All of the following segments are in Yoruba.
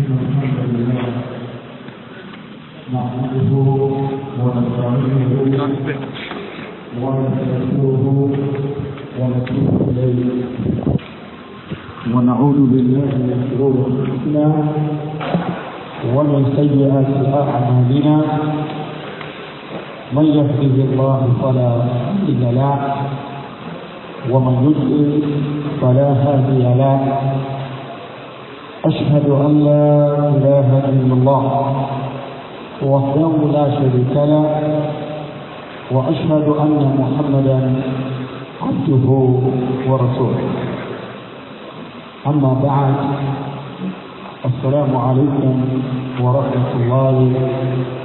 الحمد لله نحمده ونستغفره إليه ونعوذ بالله من شرور أنفسنا ومن سيئات أعمالنا من يهده الله فلا مضل له ومن يضلل فلا هادي له أشهد أن لا إله إلا الله وحده لا شريك له وأشهد أن محمدا عبده ورسوله أما بعد السلام عليكم ورحمة الله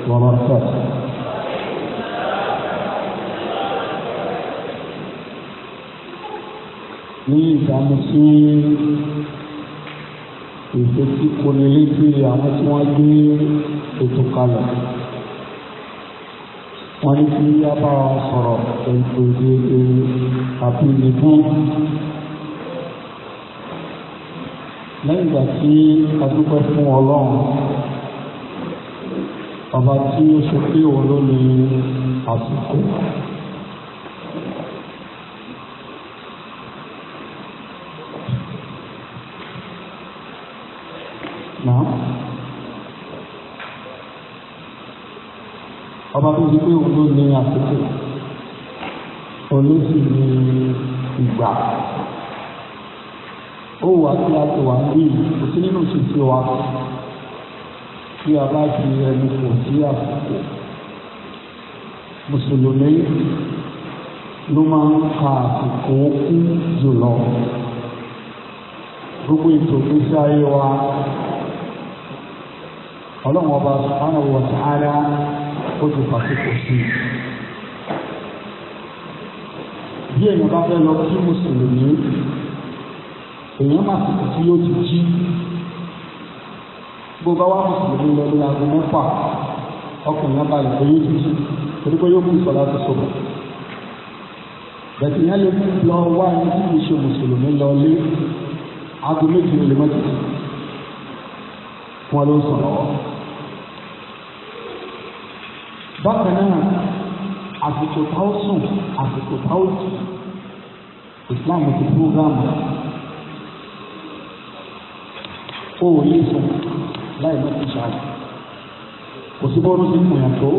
وبركاته ní ìdánilẹ́sí ètò tí kò ní létí àwọn tí wọ́n gbé ètò kalẹ̀ wọ́n ní kí a bá wa sọ̀rọ̀ ètò ìdíje àti ìdìbọn. lẹ́yìn ìgbà tí a fún ọlọ́run ọba tí ó ṣe pé òun ló ní àsìkò. ọba tó ti pé òun ló ní àkókò olóṣù ní ìgbà ó wà tí a ti wà ní kò sí nínú oṣù tí wa tí a bá ti ẹnu kò sí àkókò mùsùlùmí ló máa ń fa àsìkò kú jùlọ gbogbo ètò ìgbésí ayé wa ọlọ́run ọba subhanahu wa ta'ala ó ti fàkókò sí i. bí èèyàn bá fẹ́ lọ sí mùsùlùmí èèyàn máa ti kù tí yóò ti jí bó bá wà mùsùlùmí lọ ní aago mẹ́fà ọkùnrin náà balẹ̀ pé yóò ti jí torí pé yóò mú ìsọ̀lá ti sọ̀rọ̀ bẹ̀tẹ̀ yẹn lè lọ wá ní tí kì í ṣe mùsùlùmí lọ lé aago méjì lè mọ́tò wọn ló ń sọ̀rọ̀ wọn bákan náà àsìkò tá ó sùn àsìkò tá ó jì islam ti púrógámù ó ò lè sùn láì má ti ṣáájú kò sí bọ́ọ̀lù sí ìmọ̀ yàtọ̀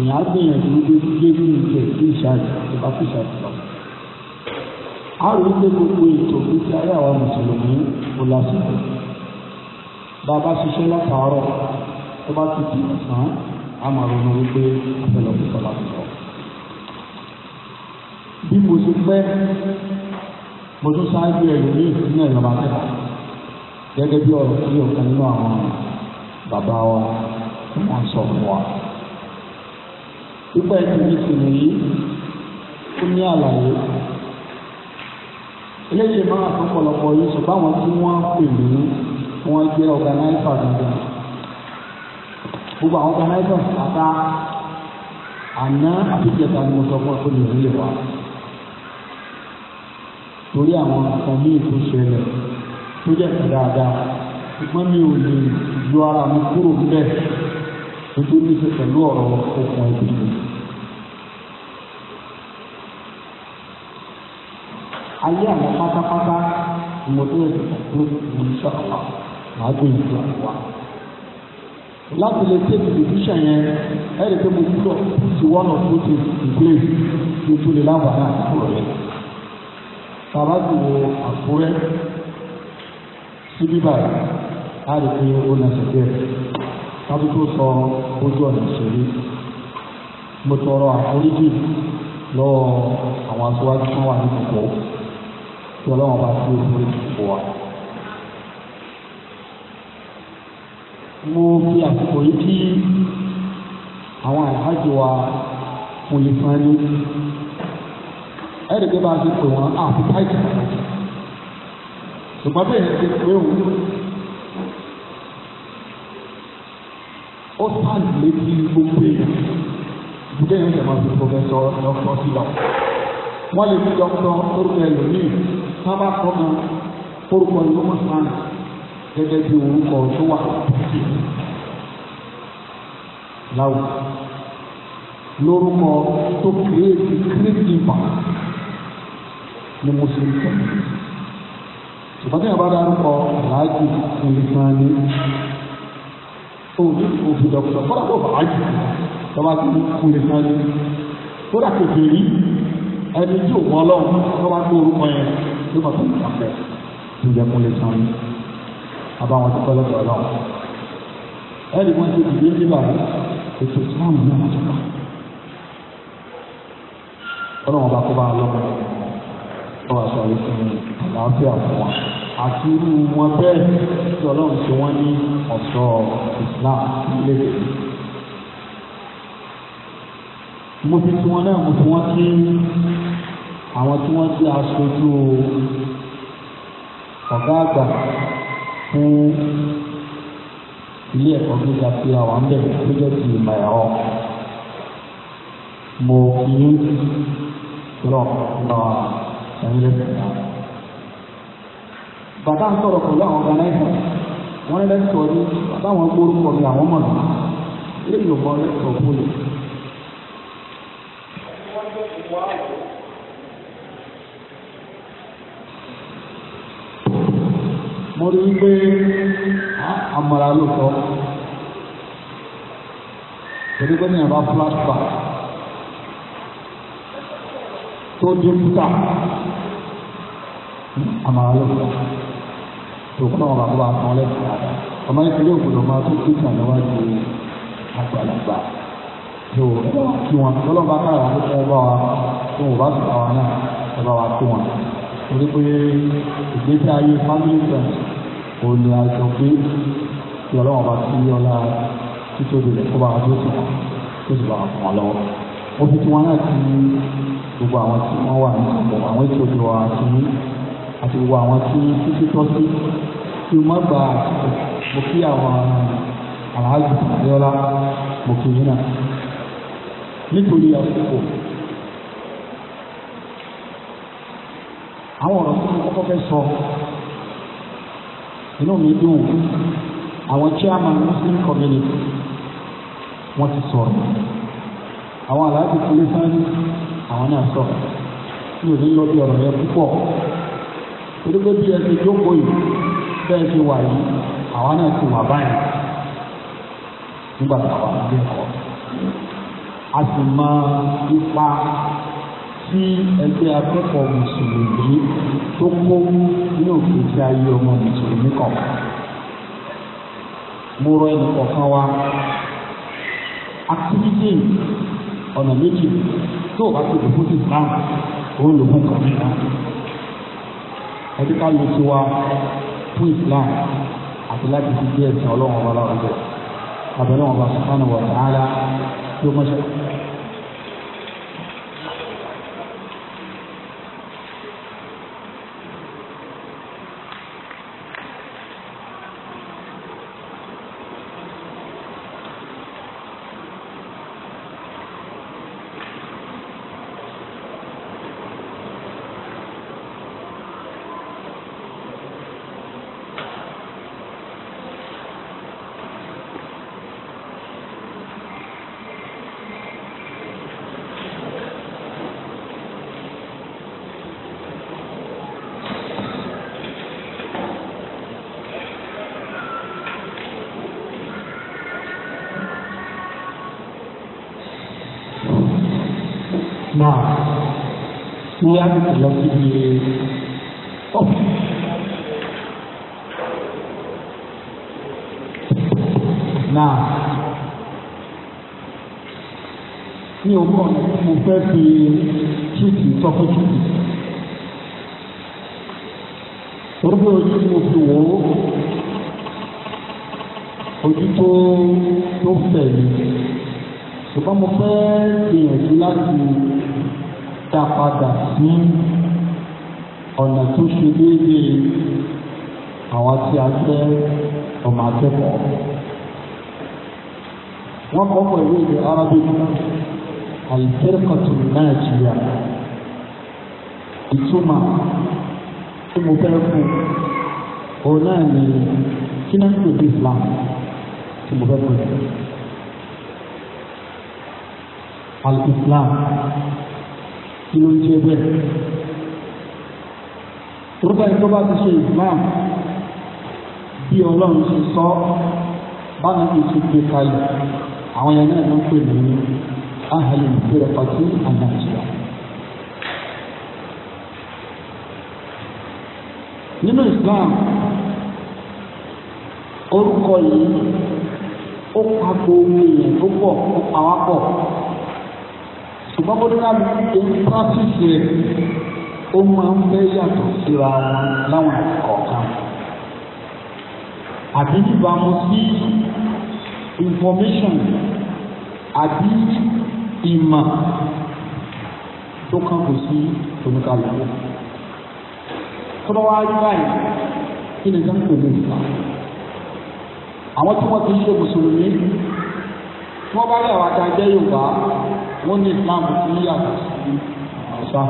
ìyá gbìyànjú gbé bí ìjẹ́ bí ìṣáájú ìbá fi ṣáájú lọ. a rí pé gbogbo ètò ìgbésí ayé àwọn mùsùlùmí kò lásìkò bá a bá ṣiṣẹ́ látàárọ̀ tó bá ti di ọ̀sán a máa ronú wípé àfẹlẹ ọdún sọlá ti sọ. bí mo ti pẹ́ mo tún ṣáájú ẹlòmíì nínú ẹ̀rọ máa tẹ̀ka gẹ́gẹ́ bí ọ̀rọ̀ tí ọ̀kan nínú àwọn bàbá wa wọ́n sọ fún wa. pípẹ́ ti ní ìsinmi yìí ó ní àlàyé eléyìí máa fún ọ̀pọ̀lọpọ̀ yìí ṣùgbọ́n àwọn tí wọ́n pè mí wọ́n jẹ́ ọ̀gánáìfà dandan gbogbo àwọn organisation àtà àná àtúntẹ̀ta ni mo sọ fún ọkọ yìí nílé wa torí àwọn nǹkan míì tó ṣẹlẹ̀ tó jẹ́ kí dáadáa ṣùgbọ́n mi ò lè yọ ara mi kúrò níbẹ̀ nítorí ní ṣe pẹ̀lú ọ̀rọ̀ okùn ẹ̀dùn. ayé àwọn pátápátá ìmọ̀tò ẹ̀dùn kò tó ìmọ̀ ìṣọ̀kan máa gbé ìtura wa láti lè tẹ́lẹ̀ division yẹn ẹ̀rì pé mo gbúdọ̀ put one of two things in place kí n tó lè láǹfààní àkókò rẹ̀. bàbá ti wo àkúrẹ́ síbí báyìí á lè fi ó nà sẹ́kẹ̀ kábí tó sọ ojú ọ̀nà ìṣèlú mo tọrọ àforíjì lọ́wọ́ àwọn aṣáájú tó wà ní kòkó tí ọlọ́wọ́n bá fi ó forí mo fi àsìkò yìí kí àwọn àlàájì wa mo lè san ní ẹ̀ẹ́dẹ̀gbẹ́ bá a ti pè wọ́n àfi táìtì pàtàkì ṣùgbọ́n bẹ́ẹ̀ ti pé òun ó sáàlì létí gbogbo èèyàn ìdílé yẹn tẹ̀wọ́n fi pọfẹ́sọ lọ́kọ́ sí lọ. wọ́n lè fi dọ́kítọ́ orúkọ ẹlòmíì sábà kọ́ kan orúkọ ìlú mọ̀sánà gẹ́gẹ́ bí orúkọ tó wà láwùjọ lórúkọ tó kírètì kírètì ìmọ̀ ni mùsùlùmí sọ ṣùgbọ́n tí ìyàbá dárúkọ aláàjì olùsànni òní òfin dọ̀kítọ̀ fọ́nà tó bàá jù tọ́ba tó olùsànni kódà kò bèrè ẹni tí ò mọ́ ọlọ́run tọ́ba tó orúkọ yẹn ló bàtà ìjàpẹ́ ìjẹ́kùn olùsànni àbáwọn tó tọ́lọ́ tọ̀ lọ́wọ́ ẹ̀rí wọn ti dìde nígbà wọn ètò tí wọn yìí wọn tó kọ́ ọlọ́wọ́n bá kó bá lọ́wọ́ lọ́wọ́ sọ yìí fún àlàáfíà fún wa àti irú wọn bẹ́ẹ̀ tí ọlọ́run ti wọ́n ní ọ̀ṣọ́ Islam lédè mo fi tiwọn náà mo fi wọn kí àwọn tí wọ́n ti aṣojú ọ̀gá àgbà fún ilé ẹ̀kọ́ gíga tí a wà ń bẹ̀ tó jẹ́ ti ìmọ̀ ẹ̀rọ mo fi lọ lọ ẹ̀yìn lẹ́sìn bàbá ń sọ̀rọ̀ pẹ̀lú àwọn ọ̀gánáìsà wọ́n ní lẹ́sọ̀ ní báwọn gbórúkọ ní àwọn mọ̀nà lẹ́yìn ògbọ́n lẹ́sọ̀ fún mi. mo rí pé amara ló sọ torí pé ní ẹ̀rọ fúláṣpà tó dé pútà amara ló sọ tó kọ́ náà bàbá bá tán lẹ́sìn àdá ọmọ ìpínlẹ̀ òkúta máa tó kí ìtàn níwájú àgbàlagbà tó kí wọn lọ́lọ́ba kára wà lókè wa tó wọ́n bá sọ̀rọ̀ àwọn náà ẹgbẹ́ wa tó wọn torí pé ìgbésí ayé family friends o òun ni àjọ pé kí ọlọ́run bá sí ọlá títóbi rẹ̀ kó bá wọn tó sì wọ́n tó sì bá wọn fún wọn lọ́wọ́. ó fi tí wọ́n náà ti gbogbo àwọn tí wọ́n wà ní ọ̀pọ̀ àwọn ètò ìjọba àti ní àti gbogbo àwọn tí títí tọ́ sí kí wọ́n gba àsìkò mo kí àwọn aláàjì àdéọlá mo kì í náà nítorí àsìkò àwọn ọ̀rọ̀ tí wọ́n kọ́kọ́ fẹ́ sọ inú mi dùn àwọn chairman muslim community wọ́n ti sọ̀rọ̀ àwọn aláàbò kúlé sáájú àwọn náà sọ̀rọ̀ mi ò ní lọ bí ọ̀rọ̀ yẹn púpọ̀ torípé bí ẹ ti jókòó yìí bẹ́ẹ̀ ti wà yìí àwọn náà ti wà báyìí nígbà tí àwọn àgbẹ̀ kọ́ a sì mọ ipa sí ẹgbẹ́ akẹ́kọ̀ọ́ mùsùlùmí tó kó ní òfin tí a yí ọmọ mùsùlùmí kan. mo rọ ẹnì kọ̀ọ̀kan wa activity ọ̀nà méjì tó o bá ti dùn fún islam ó lò fún kan níta. ẹ̀díkà ló ti wá fún islam àti láti fi díẹ̀ sàn ọlọ́run ọba láwùjọ àbẹ̀lẹ́ wọn bá sọ̀kánù wọ̀ sáárá tó mọ́ṣẹ́. láti lọ síbi ọ́fíìsì. náà ní ogún ọ̀nà tí mo fẹ́ fi túùtì sọ fún túùtì. Orúkọ ojú mo fi wò ó, ojú tó tó fẹ̀ mi. Ṣùgbọ́n mo fẹ́ gbìyànjú láti dá padà sí ọ̀nà tó ṣe déédéé àwọn tí a fẹ́ ọmọ akẹ́kọ̀ọ́. wọ́n kọ́ pẹ̀lú èdè arabic alifẹ́rẹ́kọ̀tù nàìjíríà ìtumọ̀ tí mo fẹ́ fún òun náà ní kí náà ń pè islam tí mo fẹ́ fún. al-islam kí ló ń jẹ́ bẹ́ẹ̀ torúkọ yìí tó bá ti ṣe islam bí ọlọ́run ṣe sọ báwọn ti ṣe gbé kalẹ̀ àwọn yẹn náà ló ń pè ní ahàlẹ̀ ìfẹ́rẹ̀ pàtó àgbàjìlá. nínú islam orúkọ yìí ó pa gbogbo èèyàn tó pọ̀ ó pa wá pọ̀ ṣùgbọ́n bó dára bí ṣe ń pàṣíṣe rẹ̀ ó máa ń fẹ́ yàtọ̀ síra wọn láwọn àkọ́kọ́ àbí níbàámu sí information àbí ìmọ̀ tó kàn kò sí oníkàlùkù tọ́lọ́wọ́ ayé báyìí kí ni sẹ́ńtò lè fà àwọn tí wọ́n ti ṣe mùsùlùmí tí wọ́n bá rí àwọn àtàjẹ́ Yorùbá wọ́n ní islam tí ń yàtọ̀ sí àṣà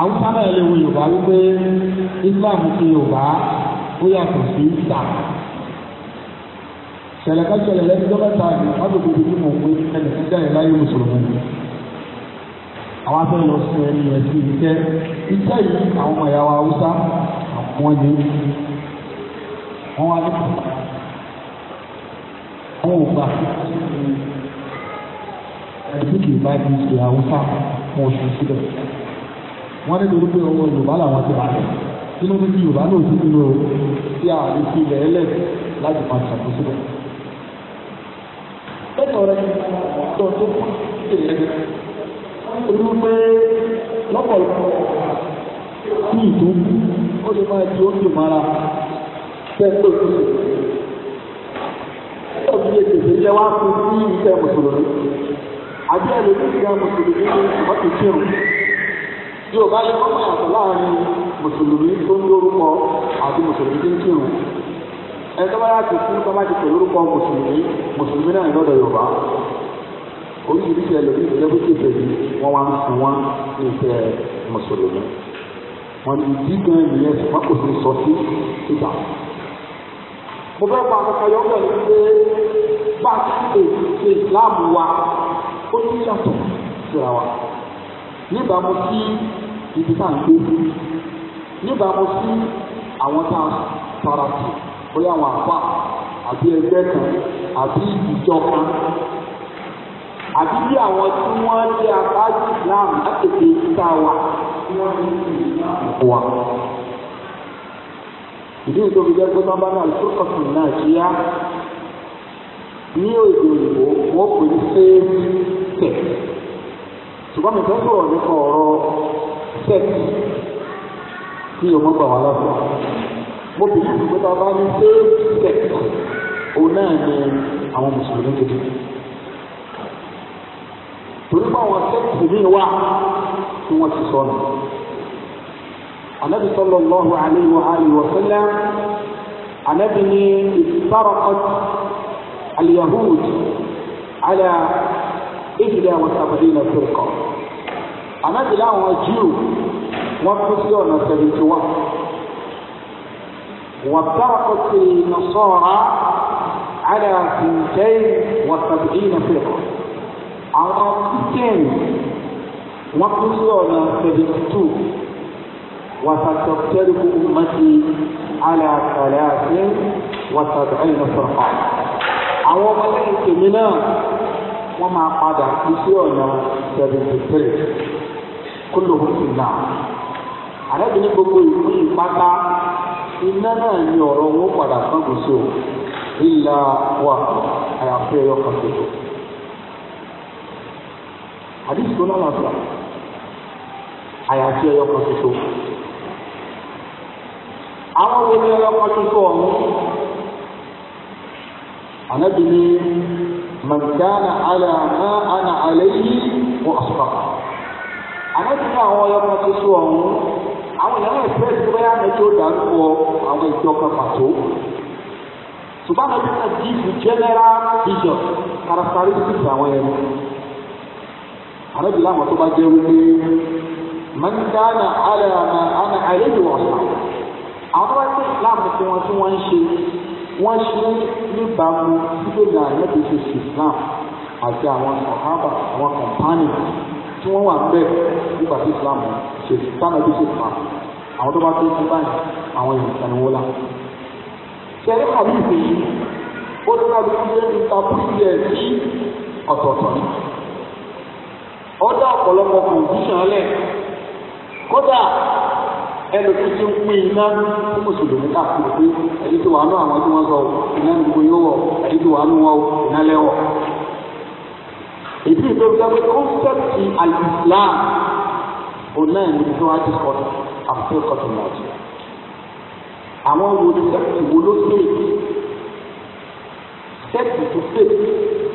àwùjọ náà lè wo yorùbá wípé islam ti yorùbá ó yàtọ̀ sí ìsà ṣẹlẹ̀ ká ṣẹlẹ̀ lẹ́nu dọ́kítà ní ọdún tí mo pé ẹnì tí jáde láyé mùsùlùmí àwọn afẹ́ lọ sí ẹni ẹ̀ sí iṣẹ́ iṣẹ́ yìí àwọn ọmọ ìyàwó haúsá àwọn ni wọ́n wá ní àwọn ò gbà I took a bike to Hausa wọn sùn síbẹ̀ wọ́n ní torí pé ọmọ Yorùbá làwọn ti bàtẹ̀ nínú bíbí Yorùbá náà ti nínú o tí a lè ilẹ̀ ẹlẹ́ láti máa ṣàkóso rẹ̀. lẹ́tọ̀ rẹ̀ tó tó ṣe yẹ orí pé lọ́pọ̀lọpọ̀ ní ìlú ó lè máa di oúnjẹ mara fẹ́ pé kí ṣe. ó fi ètò ìṣẹ́jẹ́ wá fún sí ìṣẹ́ mùsùlùmí àbí ẹlòmíì ti ga mùsùlùmí ní ọtí kírun tí o bá yẹ kọ́ pàyàtọ̀ láàrin mùsùlùmí tó ń lórúkọ àti mùsùlùmí tó ń kírun ẹni tó bá yà ti fún tọ́ba ti pè lórúkọ mùsùlùmí mùsùlùmí náà lọ́dọ̀ yorùbá oríṣiríṣi ẹlòmíì ti lẹ́kọ̀ọ́ kéde yìí wọ́n wá ń fún wọn ní ìfẹ́ mùsùlùmí wọn ìdí gan ìyẹn ṣùgbọ́n kò sí sọ sí ìgbà mo fẹ́ pa akọ́kọ́ yọ̀ọ́ bẹ̀rẹ̀ pé bá a ti ṣe ìsìláàmù wa ó ti yàtọ̀ síra wa níbàámu sí ibi tá à ń gbé níbàámu sí àwọn tá a fara sí bóyá àwọn àfa àbí ẹgbẹ́ kan àbí ìjọ kan àbí bí àwọn tí wọ́n jẹ́ akáàjì Islam lákèké títà wa tí wọ́n ní ìlú wa. ìdí ìtòbi jẹ́ pé sábà náà ìṣòkòtò náà ṣíyá. ní èdè ìbò wọ́n say ní fẹ́ẹ́rì tẹ̀. ṣùgbọ́n mi fẹ́ sọ̀rọ̀ nípa ọ̀rọ̀ sẹ́ẹ̀kì tí o mọ̀ gbà wá lọ́sọ̀. mo bìí ìdúgbò tá náà torí pé àwọn sẹ́ẹ̀kì wà tí wọ́n ti sọnù. النبي صلى الله عليه وآله وسلم اليهود على إحدى وسبعين فرقة أنا بلا وجيو وفسيو نسبت وافترقت النصارى على اثنتين وسبعين فرقة àwọn kristian wọn kú sí ọ̀nà seventy two wàtàtà tẹ́lifù àwọn ọmọ lẹ́yìn tèmi náà wọ́n máa padà kú sí ọ̀nà seventy three kó lòun sì nà gbogbo ìlú ìpátá iná náà ní ọ̀rọ̀ wọn padà ìlà wà kan ṣoṣo. àdìsí tó náà sọ kan àwọn ànábì ní mọ̀nkánà àlà máa ànà àlẹ́ yìí wọ́n àṣùpá. ànábì ní àwọn ọlọ́pàá ti sọ ọ̀hún àwọn ìyàwó ẹ̀fẹ́ ti bẹ́ẹ̀ ànábì ó dárúkọ àwọn ìjọ kan pàtó. ṣùgbọ́n ànábì náà di ìlú general vision characteristics àwọn ẹ̀rọ. ànábì láwọn tó bá jẹ́ wípé mọ̀nkánà àlà máa ànà àlẹ́ yìí wọ́n àṣùpá. àwọn tó bá jẹ́ ìsìlámù tí wọ́n tí wọ́n ń ṣe wọ́n ṣe níbàámu síbòlà lẹ́bi ṣoṣù islam àti àwọn sàhábà àwọn kọ̀mpánì tí wọ́n wà bẹ́ẹ̀ nígbà tí islam ṣe sánà bí ṣe fà àwọn tó bá tó ti báyìí àwọn èèyàn sanwó la. ṣẹ̀rí àbíyèsí yìí ó ní láti fi ṣe ìtàkùnrin ẹ̀ sí ọ̀tọ̀ọ̀tọ̀ ni. ó dá ọ̀pọ̀lọpọ̀ kòǹdíṣàn lẹ̀ kódà ẹlòmíì tí ó pín iná fún mùsùlùmí káàkiri pé ẹni tó wà nù àwọn tí wọ́n sọ iná nìkan yóò wọ̀ ẹni tó wà nù wọn iná lẹ́wọ̀. ìdí ìtòbi dábẹ́ kọ́nsẹ́pì alìsílám òun náà ní tí wọ́n á ti kọ́tù lọ́ọ̀tì. àwọn wo ni sẹ́pì wo ló fẹ́ sẹ́pì tó fẹ́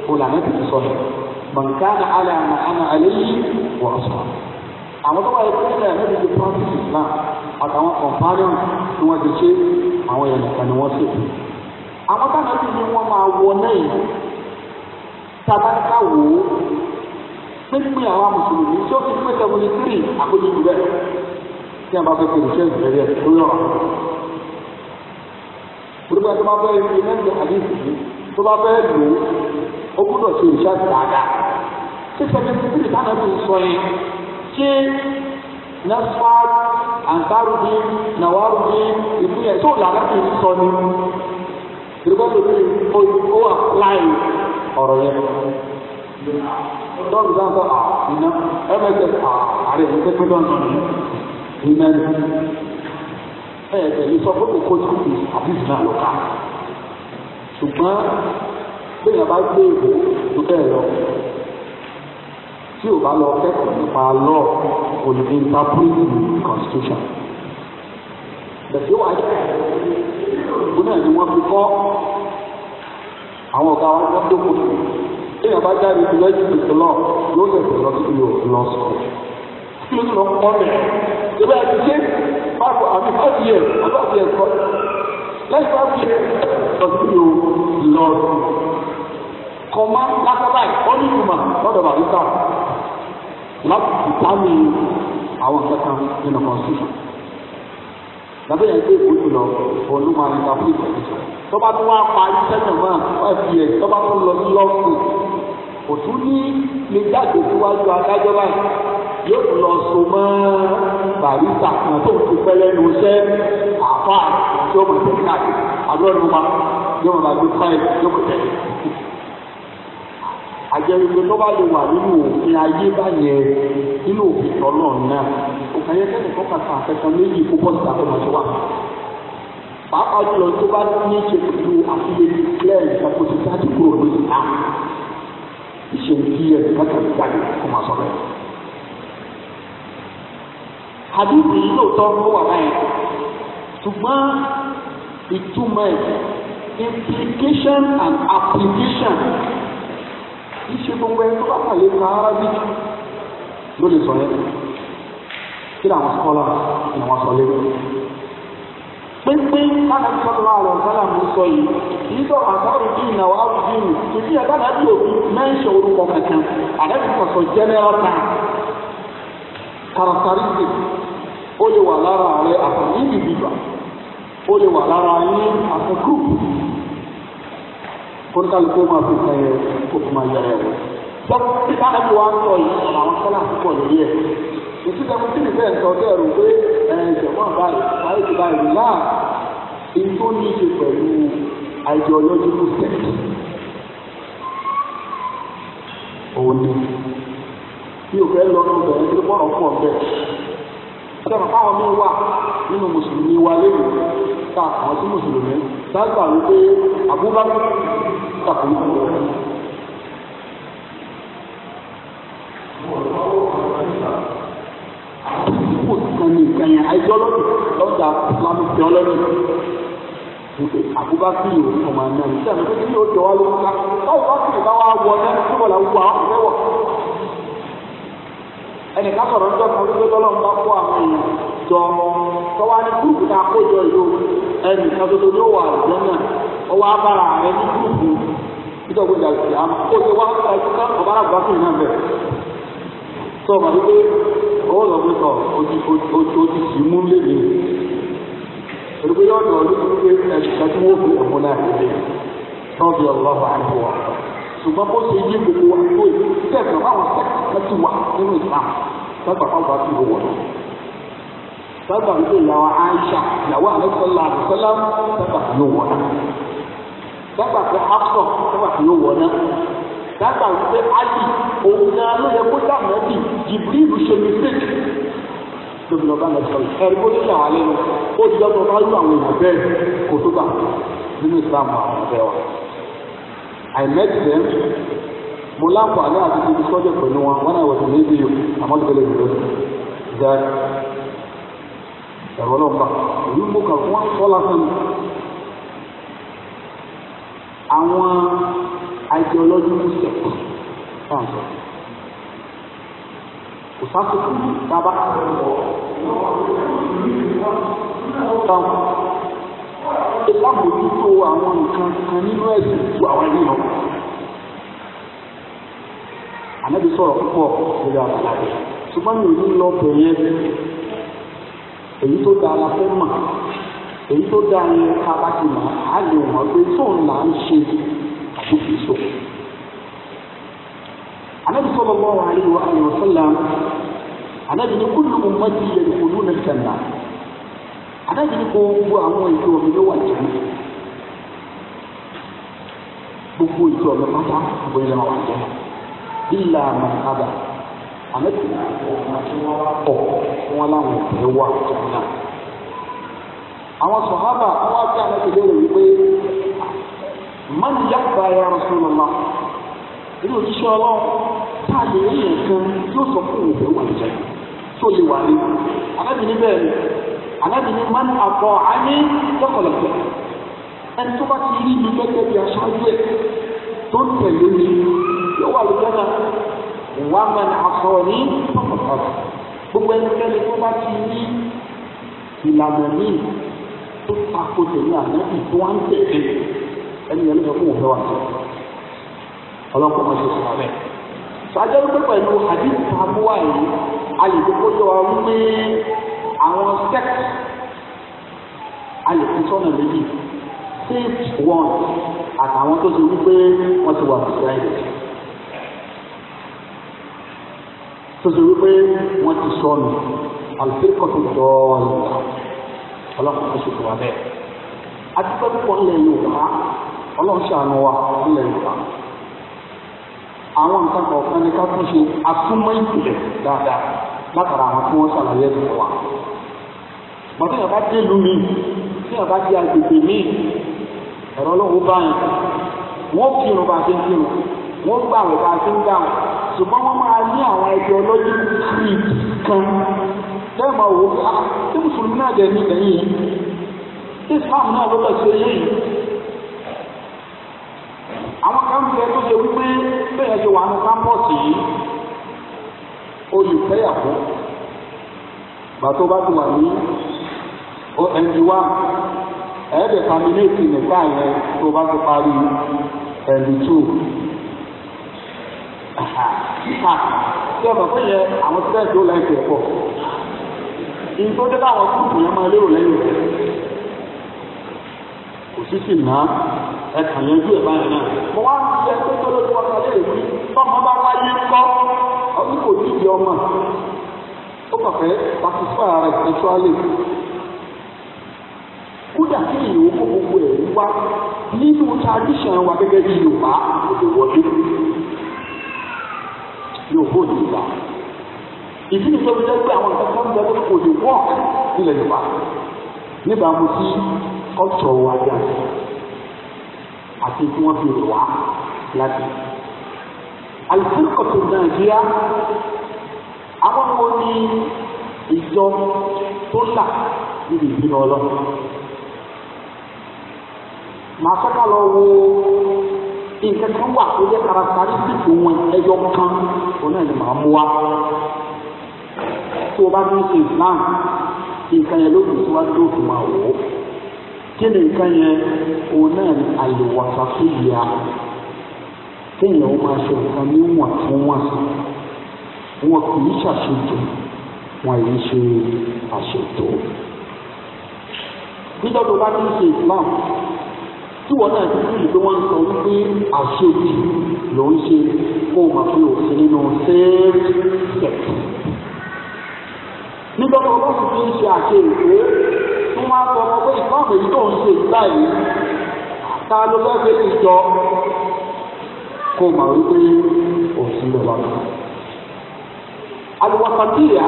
òun làwọn ti sọ mọ̀nkánà alẹ́ àmọ́ àlẹ́ yìí wọ́n sọ̀rọ̀ àwọn tó wà ní pẹ́ẹ́lẹ̀ lẹ́bi ti practice islam àtàwọn companion tí wọ́n ti ṣe àwọn èèyàn nìkan ni wọ́n ṣe. àwọn táwọn ti ní wọ́n máa wọ náà tabarika wò ó pínpín àwọn mùsùlùmí tí ó fi pín seventy three àkójọ ìbílẹ̀ tí a bá fẹ́ kiri ṣe ìbílẹ̀ rẹ̀ lórí ọ̀rọ̀. Olúkọ tó bá fẹ́ rí lẹ́yìn àdéhùn yìí tó bá fẹ́ lò ó ó gbúdọ̀ ṣe ìṣe àti dáadáa. Ṣé seventy three táwọn ti sọ yẹn? ṣé nasfa ansarubi nawarubi ìpínlẹ̀ tó làlákì sọ ni because of the o apply ọ̀rọ̀ yẹn dọ́ọ̀lù sáà sọ àìná mss àárẹ̀ ìpínlẹ̀ dọ́ọ̀lù ìná ni ẹ̀ ẹ̀mí sọ pé kò tó kù àbísí náà lọ́ka ṣùgbọ́n bí yàrá gbé ìwé tó bẹ́ẹ̀ lọ. tí ò bá lọ kẹ́kọ̀ọ́ nípa law kò ní interpret the constitution. Bẹ̀sẹ̀ wà jẹ́ ìlú náà ni wọ́n fi kọ́ àwọn ọ̀gá wọn tó dókòó sí. Bẹ́ẹ̀ bá jáde ti lẹ́yìn ìpèsè lọ yóò tẹ̀sẹ̀ lọ sí ilé òfin lọ sọ̀rọ̀. Kí ló tún lọ pọ́n mẹ́? Ìgbà ẹ̀ ti ṣe báàbò àmì five years about years kọ́. Lẹ́yìn five years lọ sí ilé òfin lọ sọ̀rọ̀. Kọ̀ọ̀má lásán báyìí, ó ní ìgbìmọ̀ lọ́dọ̀ láti ìtàlẹ̀ àwọn kankan nínú constitution tàbí yẹn gbé ìwé jùlọ òun máa ń ta fún ìgbàlejò tó bá tún wá pa iṣẹ́ náà máa fi ẹ̀ tó bá tún lọ sí lọ́ọ̀kù kò tún ní lè jáde síwájú adájọ́ báyìí yóò tún lọ so mọ́ bàrísà kan tó ń ti pẹ́ lẹ́nu iṣẹ́ àfa àti ọmọ ìṣẹ́ káàkiri àbúrò ni mo máa yóò máa gbé fáìlì yóò kò tẹ̀lé àjẹwìgbẹ tó bá lè wà nínú òfin ayé báyẹn nínú òfin tọ́lọ̀ náà òfin ayé kẹ́lẹ̀ kọ́ kàkà àfẹ́sán méjì kó bọ́ọ̀sì àfẹ́mọ́sí wà. pàápàá jùlọ tó bá ní ṣe pẹ̀lú àfihàn ìpínlẹ̀ ìṣàkóso jáde kúrò ní ìta ìṣèǹkì ẹ̀ kẹ́kẹ́ jáde kó máa sọ̀rọ̀. àdúgbò yìí lóòótọ́ ó wà báyìí ṣùgbọ́n ìtumọ̀ implication and application iṣẹ́ gbogbo ẹni tó bá kà lè ka ló lè sọ yẹn kí ni àwọn sọlá ni àwọn sọ lérò pínpín láti sọ́dọ̀ àrùn sálà mú sọ yìí yìí àtàrù bí òbí orúkọ kankan ó lè wà lára àtàrí ó lè wà lára yín àtàkùn. kóńtàlùkó máa fi fẹ́ kókó máa yára rẹ̀. bọ́n nípa ẹ̀kọ́ wa ń sọ yìí ọ̀rọ̀ àwọn sọ́lá pọ̀ lórí ẹ̀. ìtúta mo tìrì bẹ́ẹ̀ sọ bẹ́ẹ̀ rò pé ìjọba báyìí báyìí ti báyìí náà èyí tó ní í ṣe pẹ̀lú àjọ ọlọ́dúnrún sẹ́ẹ̀tì. òun ni mi ò fẹ́ lọ nínú bẹ̀rẹ̀ tó bọ̀rọ̀ pọ̀ bẹ́ẹ̀. sọ̀rọ̀ fáwọn nínú mùsùlùmí wa lẹ́yìn tá a kàn mùsùlùmí sáà gbà wípé àbúrò tọkùnrin tó lọ. Kò kan ní nǹkan yẹn, àìjọ lọ́dún lọ́dà lábẹ́ tí wọ́n lọ́dún. Àbúbákí yóò fún ọmọ náà. Ṣé àmì kékeré yóò jọ wá ló ń ká? Báwo bá kìí bá wá wọ náà tí wọ́n là ń wọ àwọn ọ̀fẹ́ wọ̀? kó àwọn èèyàn jọ. Sọ wa ni kúrúkù tá kó jọ yìí Ẹnì kan tuntun yóò wà àjọ ọwọ́ abára rẹ ní gúrùpù títọ́ gbọ́dọ̀ àti àmọ́ ó ti wá ọ̀sán ìtúká ọ̀bára àgbàkùn náà bẹ̀. sọ ma wípé ọwọ́ lọ pé sọ o ti sì mú lé mi olùkọ́ yóò dọ̀ ọdún tó gbé ẹ̀ka tí wọ́n fi ọ̀pọ̀ náà ti dé sọ́ọ̀bì ọlọ́wọ́ àìkú wa ṣùgbọ́n bó ṣe yí gbogbo wa tó yìí tẹ̀sán báwọn sẹ̀kẹ́ ti wà nínú ìsàmù sábà fáwọn àti ìwọ̀ wọ̀ sábà wípé ìyàwó Aisha ìyàwó àlẹ́sọ̀lá àdìsọ́lá sábà yóò wọ̀ náà dábàá pé afọ dábàá pé yóò wọ dábàá wípé ali òun náà ló yẹ kó dáhùn ẹbí jibril ṣe mistake lóbi lọ́ba náà sọ ẹ̀rí bó ṣe àwọn alẹ́ ó ti dọ́gbọ́n bá yọ àwọn èèyàn bẹ́ẹ̀ kò tó bá nínú ìsìlámù àwọn ọ̀fẹ́ wa I met them mo láǹfààní àti ibi sọ́jọ́ pẹ̀lú wọn when I was in ABU amọ́tòkẹ́lẹ́ university that ẹ̀rọ náà bá èyí mú kà fún wọn sọ́lá sí àwọn ideological sect náà sọ kò sásìkò yìí sábà tán ìlábòjútó àwọn nǹkan kan nínú ẹ̀sìn ju àwọn ẹni lọ. ànábi sọ̀rọ̀ púpọ̀ lórí àbàlàbẹ̀ ṣùgbọ́n mi ò ní lọ bẹ̀yẹn èyí tó dára fẹ́ mọ̀ èyí tó dáa ni ká bá ti so á lè mọ̀ là ń ṣe so. Ànábì sallallahu alaihi wa alihi wa sallam Ànábì ní kullu ummati yadkhuluna al-jannah ní gbogbo àwọn ètò ọ̀mí ló wà jẹ́ gbogbo ètò ọ̀mí pátá gbogbo wà illa man aba ní ọ̀pọ̀ tí wọ́n wá pọ̀ láwọn ò àwọn sọ̀hábà wọ́n wá bí alákèlè rẹ̀ wípé man yàgbà ya Rasulullah nínú òṣìṣẹ́ ọlọ́run táàbì èèyàn kan yóò sọ fún òun pé wà ní jẹ́ tó lè wà ní. alábì ní bẹ́ẹ̀ ni alábì ní man àbọ̀ ayé lọ́kọ̀lọ́kọ̀ ẹni tó bá ti rí mi gẹ́gẹ́ bí aṣáájú ẹ̀ tó ń tẹ̀lé mi yóò wà lójọ́ náà wà man àfọ̀ ní pọ̀pọ̀pọ̀ gbogbo ẹnikẹ́ni tó bá ti rí ìlànà míì tó tako tèmi ànábì tó wá ń tẹ̀lé ẹni yẹn ló sọ fún òun fẹ́ wà sí ọlọ́pàá máa ṣe sọ abẹ́. sàjẹ́ wípé pẹ̀lú àdìsí àbúwá yìí alùpùpù yọ wa wípé àwọn sect alùpùpù sọ̀nà méjì state one àtàwọn tó ṣe wípé wọ́n ti wà bìsáyìí tó ṣe wípé wọ́n ti sọnù àlùpùpù kọ̀ọ̀tù dọ́ọ̀lù. ọlọ́run kò ṣètò wa bẹ́ẹ̀ adúgbò púpọ̀ ńlẹ̀ yorùbá ọlọ́run ṣàánú wa ńlẹ̀ yorùbá àwọn nǹkan kọ̀ọ̀kan ní ká tún ṣe atúmọ̀ ìpìlẹ̀ dáadáa látara àwọn tí wọ́n ṣàlàyé wa bàtí ìyàbá dé ìlú mi tí ìyàbá agbègbè mi ẹ̀rọ ọlọ́run bá yẹn wọ́n fi irun bá ṣe ń fi irun wọ́n gbà wọ́n bá ṣe ń ṣùgbọ́n wọ́n máa ní àwọn ẹgbẹ́ ọlọ́dún bẹ́ẹ̀ máa wò ó tí mùsùlùmí náà dẹ̀ ní yìí tí islam náà ló bẹ̀ ṣe yìí àwọn kan tó ṣe wípé bẹ́ẹ̀ ṣe wà ní kámpọ́ọ̀sì yìí olùfẹ́yàwó gbàtó bá ti wà ní ẹnjú wa ẹ̀ẹ́dẹ̀ kàmínéètì nìka yẹn tó bá ti parí ẹ̀lú yẹ àwọn tó nǹkan tó káwọn kúrúkù yẹn máa lérò lẹ́yìn rẹ̀ kò sí sì ná ẹ̀ka yẹn náà mo wá fi ẹgbẹ́ tó lórí wọn lọ́lẹ́ èyí tọ́mọ bá wáyé kọ́ ọdún kò ní ìdí ọmọ kódà kí kó gbogbo ẹ̀ ń wá nínú tradition wa gẹ́gẹ́ bí Yorùbá kò lè wọlé Yorùbá ò ní ìgbà. ìdí nìkan bí dẹ́gbẹ́ àwọn nǹkan kan bẹ lóko lè wọ́n nílẹ̀ Yorùbá nígbà mo sí ọ̀tọ̀ wa dà àti tí wọ́n fi rò wá láti. àlùfáàkọ̀tò Nàìjíríà àwọn wo ni ìjọ tó là níbi ìbínú ọlọ́run. màá sọ́kà lọ wo nǹkan kan wà tó jẹ́ karakitaristiki wọn ẹyọ kan òun náà ni màá mú wa tó o bá mú sí Islam nǹkan yẹn ló kù síwájú tó fi máa wò ó kí ni nǹkan yẹn òun náà ni àlèwàsá sí ìyá kéèyàn ó máa ṣe nǹkan ní wọ̀n fún wọn wọn kì í ṣàṣetò wọn yìí ṣe àṣetò nígbà tó bá ti ṣe tí wọn náà ti kú ìgbé wọn sọ wípé àṣetì ló ń ṣe kó o máa fi òfin nínú ṣéèkì ṣẹ̀kì nígbà tó ọlọ́run fi ń ṣe àṣe èké tí sọ ọmọ pé ìfọ́ọ̀mù èyí tó ń ṣe ìgbà yìí ta ló fẹ́ fi ti jọ kó mà wípé òsì lọ́wọ́ mi. àlùwàfàkìyà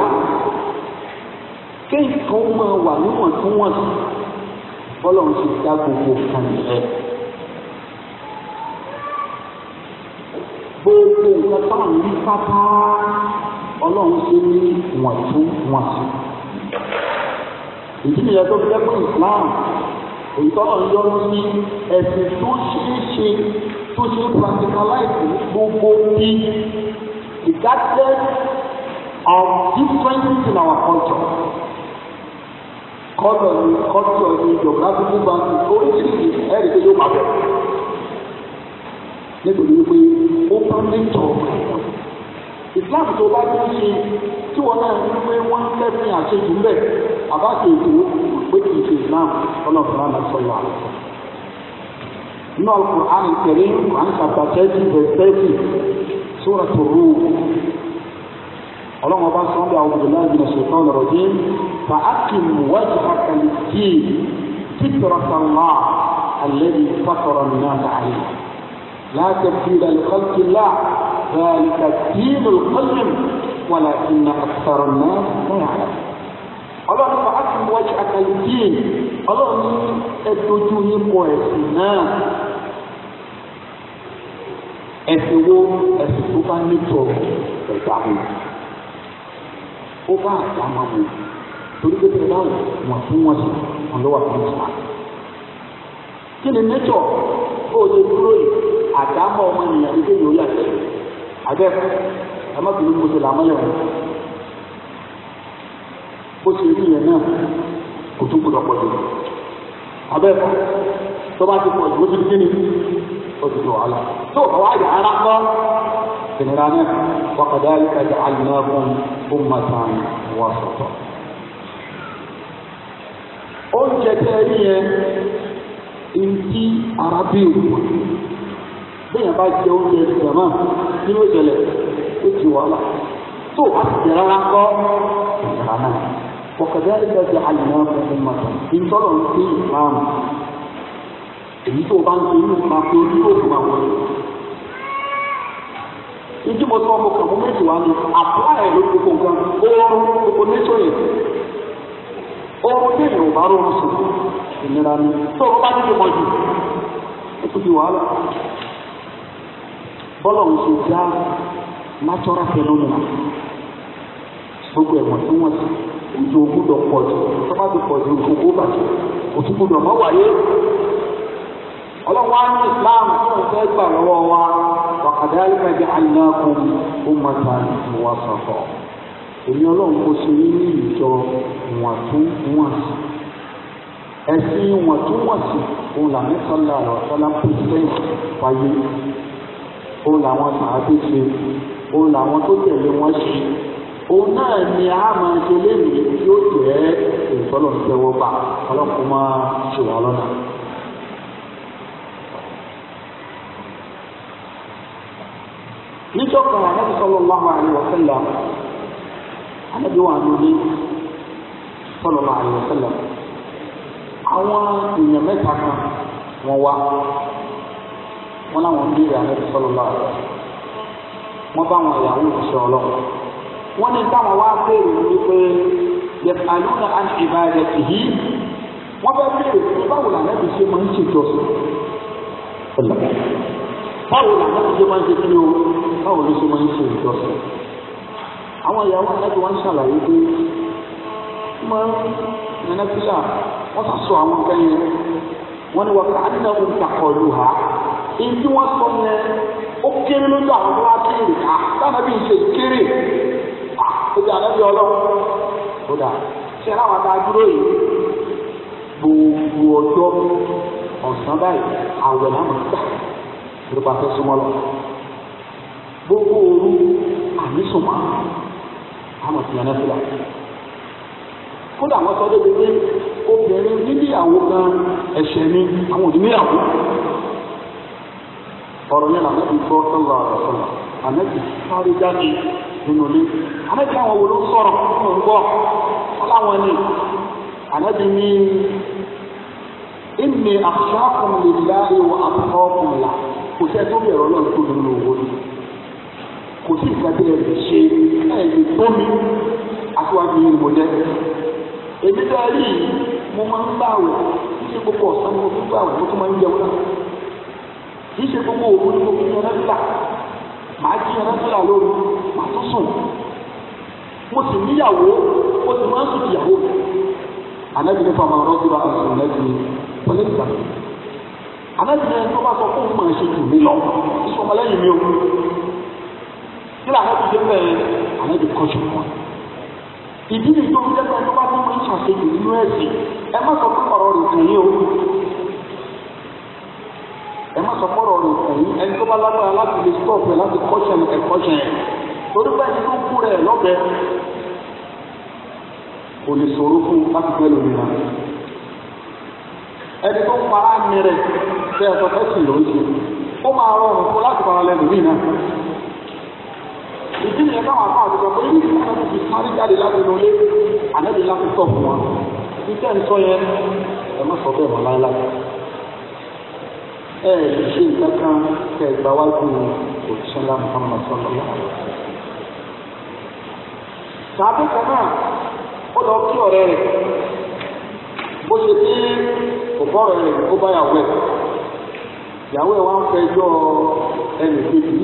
kéèkàn máa wà níwọ̀ntúnwọ̀nsì bọ́lọ̀ ń ṣe dá gbogbo nǹkan nìyẹn. gbogbo nǹkan táwọn ń rí pátá ọlọ́run ṣe ní wọ̀ntúnwọ̀nsì. ìdí nìyẹn tó fi jẹ́ pé Islam èyí tọ́lọ̀ ń yọrọ sí ẹ̀sìn tó ṣeé ṣe tó ṣe practicalize gbogbo bí regardless of differences in our culture. kọ́lọ̀ ni kọ́lọ̀ ni geographical boundary oríṣiríṣi ẹ̀rí tó yóò máa bẹ̀rẹ̀ nítorí pé ó bá ní tọ̀ islam tó bá ti ń ṣe tí wọn náà ń pé wọn ń tẹ́sí àṣejù ńbẹ àbá ti ètò pé kì í ṣe islam ọlọ́ọ̀fọ̀rọ̀ náà sọ̀rọ̀ àlọ́ nínú alukur'an kẹrin alukur'an kàtà tẹ́sí tẹ́sí sóra tó rú ọlọ́run ọba sọ́n bí àwọn ọ̀dọ́lá ìgbìmọ̀ sọ̀tọ́ ọ̀rọ̀ dín fa akim wájú akalikin títọ̀rọ̀ sàlá alẹ́ ìfàtọ̀rọ̀ nínú àdáyé. لا تبديل لخلق الله ذلك الدين القيم ولكن أكثر الناس لا يعلم ọlọ́run fa akim wọ́ọ̀ṣì àkàlùdíìn ọlọ́run ní ẹ̀dójú yípo ẹ̀sìn náà ẹ̀sìn wo ẹ̀sìn tó bá nítọ̀ ẹ̀dá mi ó bá àdámọ́ mi torí pé tẹ̀lé àwọn wọ̀n fún wọn sí wọn lọ́wọ́ àti wọn sọ̀rọ̀. kí ni nẹ́tọ̀ ó lè dúró yìí ọmọ ènìyàn ní kéèyàn ó yàtọ̀ àbẹ́ ẹ má bìí mo ti là mọ́lẹ̀ wọn bó ṣe rí yẹn náà kò tún gbọdọ̀ pọ̀ jù àbẹ́ ti jù ti ni o ti ala tó o yà ara kọ́ ìnira náà wàkàdá yìí kájà alìmọ́gùn ó máa tàn sọ̀tọ̀ o yẹn. ntí arábí òkú bẹ́ẹ̀ bá jẹ oúnjẹ ìjàmá nínú ìṣẹ̀lẹ̀ ó ti wà lá tó a ti jẹ̀rọ ara kọ́ ìjàmá náà ọ̀kadà ẹ̀ka ti àyìnbá fún ma ìtọ́lọ̀ ń fi ìfàmù èyí tó bá ń fi inú ìfà pé ojú yóò fún àwọn ọ̀rẹ́ ìdí mo tọ́ ọmọ kan mo méjì wá ní àpáyà ló gbogbo nǹkan oorun oníṣòyè oorun ní ìrùbárò sùn. ìnira ni tó o bá ti tó pọ̀jù ó tún di wàhálà bọ́lọ̀ ń ṣe já natural phenomena gbogbo ẹ̀wọ̀n tí wọ́n ti ojú ogun pọ̀ jù tó bá pọ̀ jù bàjẹ́ òtún wáyé Islam tó ń fẹ́ gbà lọ́wọ́ wa sọ̀tọ̀ èmi ọlọ́run kò ní ìjọ ẹ̀sìn ìwọ̀ntúnwọ̀nsì òun làmì ụlọ rẹ̀ sọ́lá pèsè wáyé òun làwọn sàádé ṣe òun làwọn tó tẹ̀lé wọn ṣe òun náà ni a máa ṣe léèrè tí ó jẹ́ bá ọlọ́kùnrin máa ṣe wà àwọn èèyàn mẹ́ta kan wọ́n wá wọ́n láwọn béèrè àlẹ́bí sọ́lọ́lá rẹ̀ wọ́n bá wọn ìyàwó ìṣẹ́ ọlọ́run wọ́n ní táwọn wá béèrè wípé yẹ̀fàlúnà àti ìbàdàn tìhí wọ́n bá béèrè pé báwo làlẹ́bí ṣe máa ń ṣèjọsìn báwo làlẹ́bí ṣe máa ń ṣe kí o báwo ló ṣe máa ń ṣe ìjọsìn àwọn ìyàwó àlẹ́bí wọn ṣàlàyé pé wọ́n máa ń nana fílà wọ́n sì sọ àwọn nǹkan yẹn wọ́n ní wọ́n ọ̀hún takọ̀lù ha èyí tí wọ́n sọ yẹn ó kéré lójú àwọn tó wá kéré táwọn ẹbí ń ṣe kéré à ó di ọlọ́run ó dà ṣe láwọn adájúró yìí gbogbo ọjọ́ ọ̀sán báyìí àwẹ̀ láwọn gbà fẹ́ súnmọ́ lọ gbogbo òru àmísùnmọ́ àwọn kódà wọ́n sọ débi pé. obìnrin níníyàwó gan ẹ̀ṣẹ̀ ni àwọn òdìníyàwó ọ̀rọ̀ yẹn làwọn ti gbọ́ sọ́lá ọ̀rọ̀ sọ́lá ànẹ́tì sáré jáde nínú ilé ànẹ́tì àwọn wo ló sọ̀rọ̀ fún òǹgbọ́ ọláwọn ni ànẹ́tì ní ìmì àṣàkùn lè láàyè wọ àtọ́kùn là kò sí ẹtọ́ bẹ̀rẹ̀ ọlọ́run tó lórí owó ni kò sí ìgbàdé ẹ̀ lè ṣe ẹ̀ lè tó mi àti wàá fi ìmọ̀ jẹ́ èmi dá yìí mo máa ń gbà wò kì í ṣe gbogbo ọ̀sán ni mo fi gbà wò mo tún máa ń jẹun náà kì í ṣe gbogbo òwò ni mo fi yẹn rẹ́fìlà màá jí yẹn rẹ́fìlà lóru màá tún sùn mo sì níyàwó mo sì máa ń sùn ìyàwó mi ànábi nípa máa rọ́ọ̀dù bá sùn lẹ́sìn pẹ̀lú ìgbà ànábi ní ẹni tó sọ fún òun máa ṣe jù mí lọ ìṣọmọlẹ́yìn mi ò kí ìdí nìyí tó ń dẹ́gbẹ́ tó bá nínú ìṣàṣe yìí nínú ẹ̀sìn ẹ má sọ fún ọ̀rọ̀ rẹ̀ tẹ̀yìn o ẹ má sọ fún ọ̀rọ̀ rẹ̀ tẹ̀yìn ẹni tó bá lágbára láti lè stọ̀ọ̀pù ẹ̀ láti kọ́ṣẹ̀ ẹ̀ kọ́ṣẹ̀ ẹ̀ torí bẹ́ẹ̀ ni tó kú rẹ̀ lọ́bẹ̀ kò lè sọ̀rọ̀ fún láti fẹ́ lómi rà ẹni tó fara mi rẹ̀ fẹ́ ẹ̀sọ̀ fẹ́ sì lóyún ó máa rọrùn fún láti fara lẹ́nu mí náà ìdí nìyẹn káwọn àpá àti sọpé ní ìlú náà ti fi sáré jáde láti inú ilé ànábi láti sọ fún wọn iṣẹ́ ńsọ yẹn ẹ má sọ bẹ́ẹ̀ mọ́ láéláé ẹ ẹ lè ṣe nǹkan kan kẹ ẹ gbà wájú òṣìṣẹ́ ńlá Muhammad sọ́nà láàrú. sàbẹ̀ kan náà ó lọ kí ọ̀rẹ́ rẹ̀ bó ṣe dé òbọ̀ ọ̀rẹ́ rẹ̀ ó bá yàwó ẹ̀ ìyàwó ẹ̀ wá ń fẹjọ́ ẹnì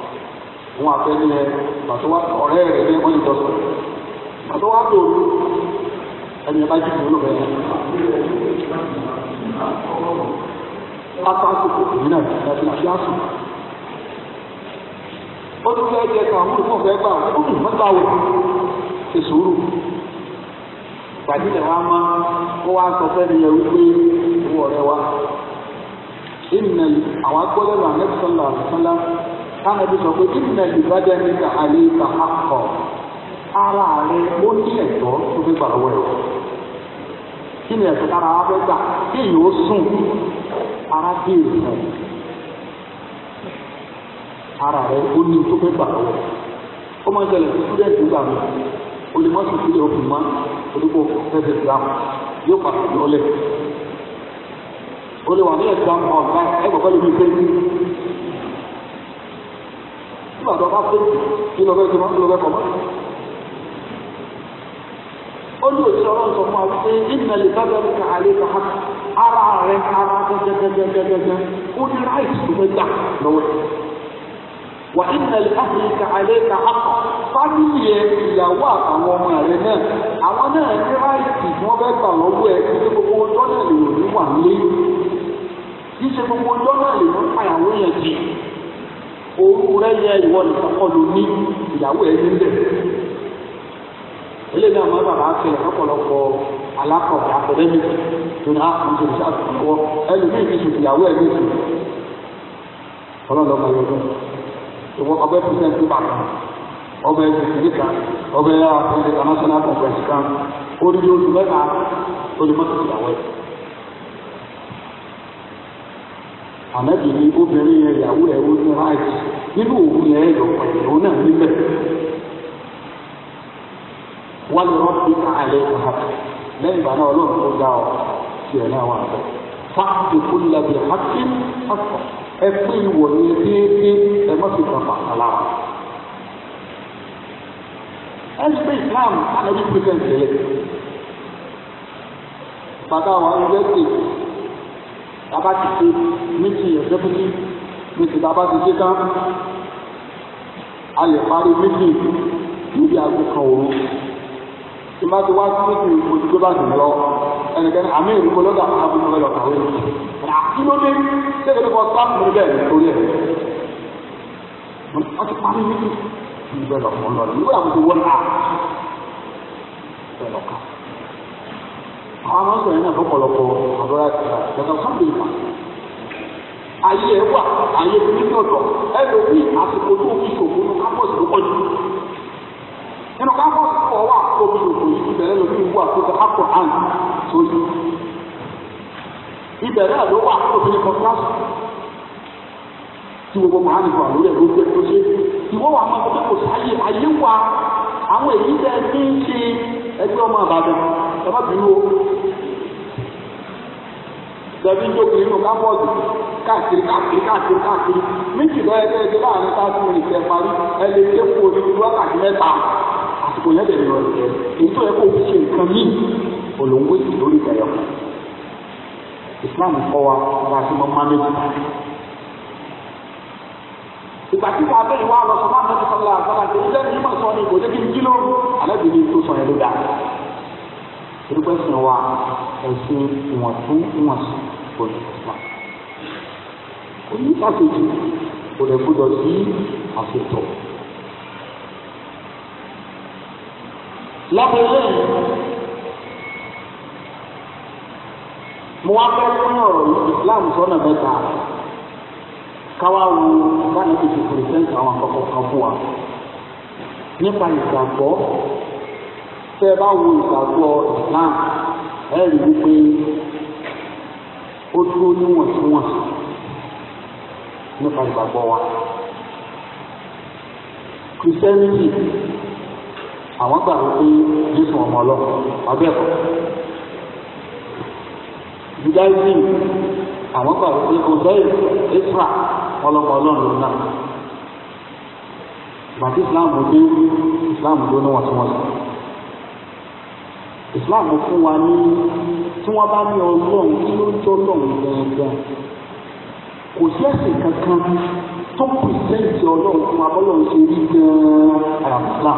òun àfẹ́ni ẹ pàtó wá ọ̀rẹ́ rẹ̀ bẹ́ẹ̀ wọ́n ìjọ sọ̀rọ̀ pàtó wá tó olú ẹni ẹ bá jù lórí ọ̀rẹ́ rẹ̀. pátákó òun náà láti fi àsùn. ó tún fẹ́ jẹ kàn mú fún ọ̀fẹ́ gbà ó dùn mọ́ta wò ṣe sùúrù. ìpàdílẹ̀ wa máa kó wá sọ fẹ́ ni ẹ wípé owó ọ̀rẹ́ wa. ìnìyàn àwọn agbọ́dọ̀ àmẹ́sọ̀lá àmẹ́sọ̀lá káwọn ẹbí sọ pé kí ni ìbàdàn ní àlè ìgbà akọ ara rẹ ó ní ẹ̀tọ́ tó fi gbà lọ́wọ́ ẹ̀ kí ni ẹ̀tọ́ ara wa fẹ́ gbà kí èyí ó sùn ara dé ìfẹ́ ara rẹ ó ní tó fẹ́ gbà lọ́wọ́ ó máa ń ṣẹlẹ̀ sí túdẹ̀tì gbà mí olùmọ̀sí sílẹ̀ òfin mọ́ olùkọ́ fẹ́fẹ́ gbà yóò pàtàkì ọlẹ́ olùwàmí ẹ̀gbọ́n ọ̀gá ẹ̀gbọ́n pẹ̀lú mi fẹ́ẹ́ nígbà tó bá fèjì kí lọ́bẹ̀ tó máa ń lọ́bẹ̀ kọ́ mọ́. ó ní òṣìṣẹ́ ọlọ́run sọ fún wa ara ara tó gbà fámìlì yẹ ìyàwó àtàwọn ọmọ rẹ náà àwọn náà ní gbà kí gbogbo náà orúkú rẹ yẹ ìwọ nìkan kọ́ ló ní ìyàwó ẹ̀ níbẹ̀ eléyìí náà máa bàbá kiri ọ̀pọ̀lọpọ̀ alákọ̀ọ́dà akadẹ́mì tó ní àkùnjẹ ìṣe àtúnwọ́ ẹlòmíì ti sùn ìyàwó ẹ̀ níbi ọlọ́lọ́mọ yọdún ìwọ ọbẹ̀ pírísẹ̀ntì bàtà ọbẹ̀ ìdìbò kan ọbẹ̀ international conference kan orí oṣù mẹ́ta olùmọ̀tò ìyàwó ẹ̀. àmẹ́bí ni obìnrin yẹn ìyàwó ẹ̀ ó ní ráìtì nínú òwú yẹn yọ pẹ̀lú òun náà níbẹ̀ wọ́n lọ sí àlẹ́ ìhà lẹ́yìn ìgbà náà ọlọ́run tó dá ọ sí ẹ̀ náà wà bẹ̀ fáàkì fún lẹ́bi hákì ọ̀sọ̀ ẹ pé ìwọ̀ ni déédéé ẹ má fi kàn bàtà lára. ẹ ń pè Islam alẹ́bí pípẹ́ ìtẹ́lẹ̀ bàtà wà ń gbẹ́sẹ̀ abá ti ṣe méjì ẹ̀ẹ́dẹ́gbẹ́sẹ̀ níbi bàbá ti ṣe tán a lè parí méjì níbi aago kan òru tí bá ti wá sí méjì oṣù tó bá sì lọ ẹnikẹ́ni àmì ìlú kọlọ́dà abúlé lọ kàwé rà kí ló dé sẹ́kẹ̀dé kọ sáàpù mi bẹ́ẹ̀ nítorí ẹ̀ wọ́n ti parí méjì níbẹ̀ lọ́kọ̀ ńlọrọ̀ nígbà tó wọ́n ta bẹ́ẹ̀ lọ́kọ̀ àwọn ọmọ sọ̀rọ̀ yẹn náà fọ́pọ̀lọpọ̀ àbúrò àti ìgbà. ayé ẹ wà ayé mi ní ọ̀dọ̀ ẹlòmí àsìkò tó fi ṣòfò ní kápọ́sì tó pọ̀jù nínú kápọ́sì tó wà tó fi ṣòfò yìí ìbẹ̀rẹ̀ lòmí wà hàn tó ìbẹ̀rẹ̀ ló wà tó fi tí gbogbo màá nìkan ẹ̀ ló gbé tó ṣe wà máa kò sáyé ayé àwọn èyí bẹ́ẹ̀ ní ṣe lọ́bí jókòó inú kápọ́ọ̀dù káàkiri káàkiri káàkiri káàkiri méjì lọ́yẹ kẹ́ ẹ ti láàrin táàbù rìn tẹ̀ parí ẹ lè dé kó orí ìlú wákàtí mẹ́ta àsìkò yẹn bẹ̀rẹ̀ lọ́rọ̀ jẹ́ èyí tó yẹ kó o ṣe nǹkan míì olóńgbò sì lórí ìtẹ̀yọ̀ Islam kọ́ wa bá a ti mọ mánéjì ìgbà tí ká bẹ́ẹ̀ wá lọ sọ máa ń tẹ́lẹ̀ sọ́lá àgbàlagbà ìlẹ́nu yìí mọ̀ sọ ni kò jẹ́ kí n jí lóru àlẹ́ torípé ẹ̀sìn wa ẹ̀sìn ìwọ̀ntúnwọ̀nsì kò ní ìsìlá kò ní àṣejù kò lè gbọdọ̀ sí àṣetọ̀. lábẹ́lẹ́ mo wá fẹ́ fún ọ̀rọ̀ Islam sọ́nà mẹ́ta káwá wo báyìí ti fi pèsè àwọn àkọ́kọ́ kan fún wa nípa ìgbàgbọ́ tẹ́ ẹ bá wo ìgbàgbọ́ islam ẹ rí i pé ó dúró níwọ̀ntúnwọ̀nsì nípa ìgbàgbọ́ wa kìrìsìtẹ́nìtì àwọn gbà wípé jésù ọmọ ọlọ́run abẹ́ẹ̀kọ́ judaism àwọn gbà wípé hosea isra ọlọ́mọ ọlọ́run náà gbàtí islam dé islam dé níwọ̀ntúnwọ̀nsì. Islam fún wa ní tí wọ́n bá ní ọlọ́run tí ló ń jọ́ lọ́run dáadáa kò sí ẹ̀sìn kankan tó pèsèǹtì ọlọ́run fún abọ́lọ́run ṣe rí gan-an àràmùsà.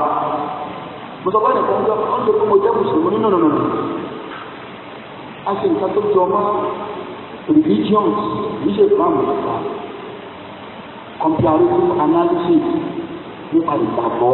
mo sọ báyìí kan gbọ́ ọ́n lè fún mo jẹ́ mùsùlùmí nínú ọ̀nà ọ̀nà a ṣe nǹkan tó jọ mọ́ religions níṣẹ́ ìmáàmù nípa comparative analysis nípa ìgbàgbọ́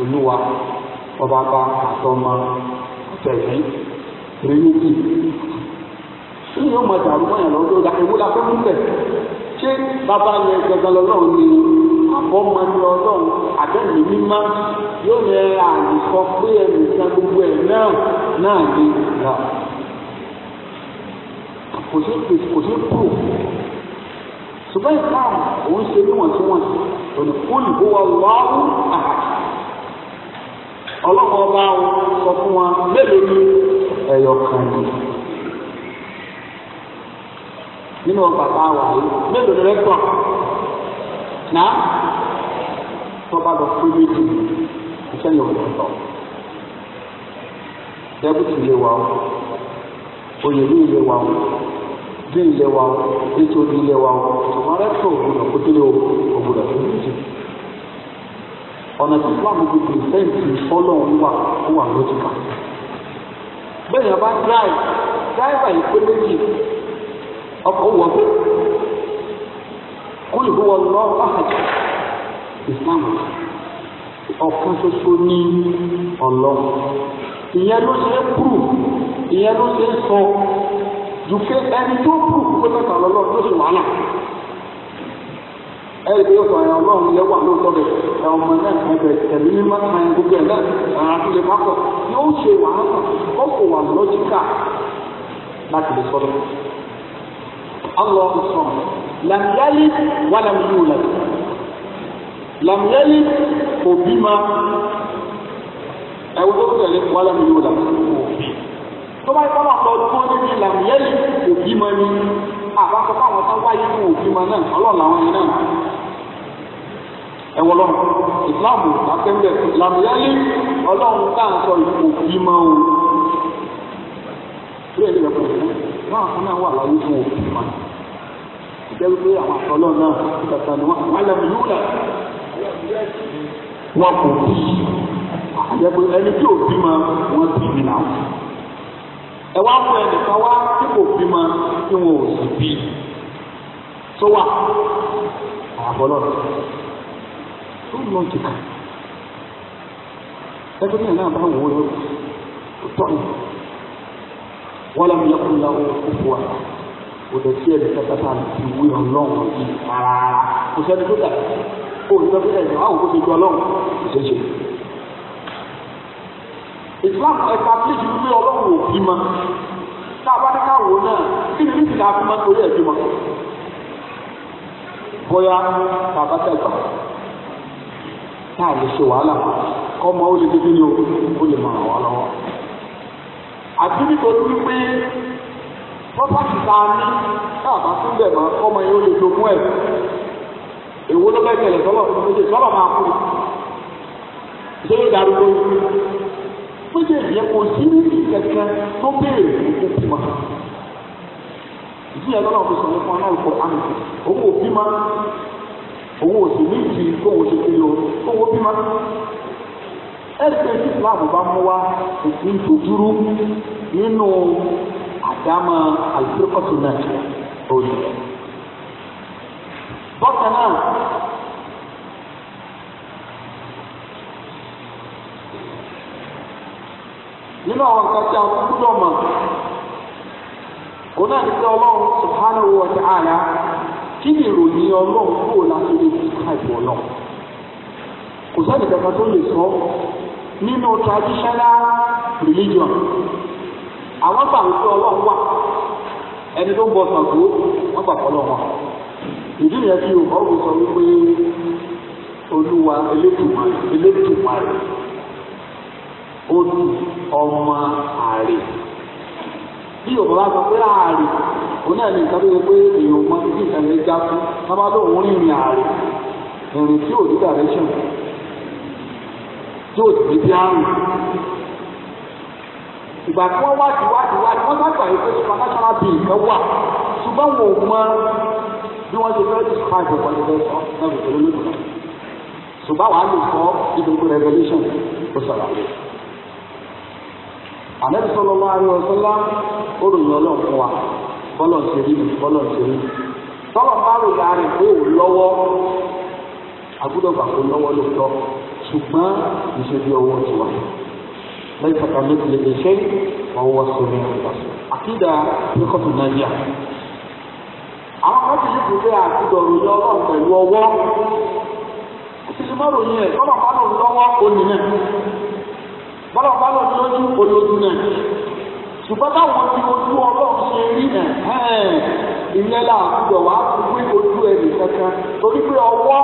olúwa ọba bá àtọmọ tẹ̀lé tìrìyìtì tí yóò mọ ìdààmú mọ́yàn lọ́dún ọ̀dà ewu la fẹ́ mú bẹ̀ ṣé bàbá yẹn gẹ́gẹ́ lọ́lọ́run ni àbọ̀mọ ni ọlọ́run àbẹ́ni mímá yóò yẹ àlùkọ pé ẹnìkan gbogbo ẹ̀ náà náà ni là kò sí kò sí kúrò ṣùgbọ́n ìfáàmù òun ṣe níwọ̀ntúnwọ̀nsì òní kúlù bó wà wáhù àhàt ọlọ́run ọba sọ fún wa mélòó ni ẹ̀yọ̀ kan ni nínú bàbá wa yìí mélòó ni tọ̀ tọ́ba lọ fún oyè ní ilé wa o bí ilé wa o ilé wa o tó ọ̀nà ìsìláàmù gbogbo ìfẹ́ǹtì fọ́lọ́hún wà ó wà lójúkà. bẹ́ẹ̀ yẹn bá dráì dráìvà yìí pé méjì ọkọ̀ wọ̀ pé kó ìlú wọn lọ báàjì ìsìláàmù ọ̀kan ṣoṣo ní ọlọ́run ìyẹn ló ṣe é kúrò ìyẹn ló ṣe é sọ ju pé ẹni tó kúrò pé mẹ́ta lọ́lọ́ ló ṣe ẹ̀rí pé yóò sọ ẹ̀rọ ọlọ́run yẹ wà lóòótọ́ bẹ̀ ẹ̀rọ ọmọ náà ẹ̀bẹ̀ tẹ̀lé ní mọ́tàn gbogbo ẹ̀ náà àwọn àtúnṣe pápọ̀ yóò ṣe wàhálà ó kò wà lọ́jíkà láti lè sọ́dọ̀. Allahu sọ̀rọ̀ làmìyálì wà làmìyù làmì. Làmìyálì kò bí ma ẹ̀wù tó tẹ̀lé wà làmìyù làmì. Tó bá yẹ kọ́ lọ tó níbi làmìyálì kò bí ni àbákọ́ fáwọn tó wáyé fún òbí ma náà ọlọ́ọ̀lá wọn yẹn náà ẹ wọ lọ́run islam ò lápẹ́ńbẹ̀ islam yálé ọlọ́run tá sọ ìfò bí o bẹ́ẹ̀ ni ẹ̀kọ́ ìfún báwọn kan náà wà láyé fún òfin mọ́ ìjẹ́ wípé àwọn àtọ́lọ́ náà kàkà ni wọ́n wà lẹ́nu yóò là wọn kò bí àjẹ́ pé ẹni tí ò bí mọ́ wọ́n ti bí náà ẹ wá mú ẹnìkan wá tí kò bí tí wọn ò sì bí sọ wà àbọ̀lọ́dọ̀ so logical ẹgbẹ́ náà bá wò ó tọ́ ni wọ́n lọ́mọ yẹ kó ń lọ́wọ́ òfò wa kò dẹ̀ sí ẹ̀dẹ̀ kẹta tá a ti wí ọlọ́run yìí rárá kò sẹ́ni tó dà kó ní sọ́kí ẹ̀dẹ̀ àwọn kò ti ọlọ́run kò ṣeé ṣe. Islam ẹ̀ka méjì wípé ọlọ́run ò bímọ tá a bá ní káwọ náà kí ni níbi náà fi máa torí ẹ̀ bímọ. bóyá bàbá tẹ̀ gbà. táà lè ṣe wàhálà kọ́mọ ó lè débi ní o ó lè máa wà lọ́wọ́. àti nítorí wípé pọ́pátì tá a ní káàbá tún bẹ̀ mọ́ kọ́mọ yẹn ó lè jogún ẹ̀ èwo ló bẹ́ẹ̀ tẹ̀lé tọ́lọ̀ fún méjèèjì tọ́lọ̀ máa kú ṣé méjèèjì yẹn kò sí ní tó béèrè fún kókó sọ̀rọ̀ fún ọ náà owó oṣù méjì kówó oṣù kiri o kówó bímọ ẹgbẹ́ islam bá mú wa òfin tó dúró nínú àdámọ́ àlùfẹ́kọ̀tù náà òní. bọ́tà náà nínú àwọn nǹkan tí a kò náà wa ta'ala. kí ni ìròyìn ọlọ́run kúrò láti lè describe ọlọ́run kò sẹ́ni kankan tó lè sọ nínú traditional religion àwọn gbà wípé ọlọ́run wà ẹni tó ń bọ Ṣàngó wọ́n gbà pọ̀ lọ́wọ́ ìdí nìyẹn tí sọ wípé olúwa ó ọmọ bí òbá bá sọ pé ààrẹ òun náà ní nǹkan tó pé èèyàn mọ títí nǹkan já fún bábá lóun rìnrìn ààrẹ ìrìn tí ò ní direction tí ò sì ní àrùn ìgbà tí wọ́n wá ti wá ti wá ti wọ́n sábà yìí pé supernatural being kan wà ṣùgbọ́n wọn ò mọ bí wọ́n ṣe fẹ́ describe ọ̀pọ̀ ẹgbẹ́ sọ náà kò tẹ̀lé lónìí ṣùgbọ́n wàá lè sọ ìdókòó revolution ó sọ̀rọ̀ àwọn àlẹ́bí sọ́lọ́ máa rí ọ̀sán lá ó ròyìn ọlọ́run fún wa bọ́lọ̀ ṣe rí bọ́lọ̀ ṣe rí tọ́lọ̀ bá rò yà rìn pé ò lọ́wọ́ agbọ́dọ̀ gbà pé lọ́wọ́ ló tọ́ ṣùgbọ́n ìṣe bí ọwọ́ ti wà lẹ́yìn pàtàkì lè lè ṣe wọ́n wá sórí àkídà pẹ́kọ̀tù nàìjíríà àwọn kan ti yíkù pé àkídọ̀ ròyìn ọlọ́run pẹ̀lú ọwọ́ ó ti ṣe mọ́ ẹ̀ tọ́lọ̀ bá rò lọ́wọ́ bọ́lọ̀bá lọ ní ojú olójú náà ṣùgbọ́n báwọn ti ojú ọlọ́run ṣe rí ìyẹn làwùjọ wàá fún ojú ẹnì kankan torí pé ọwọ́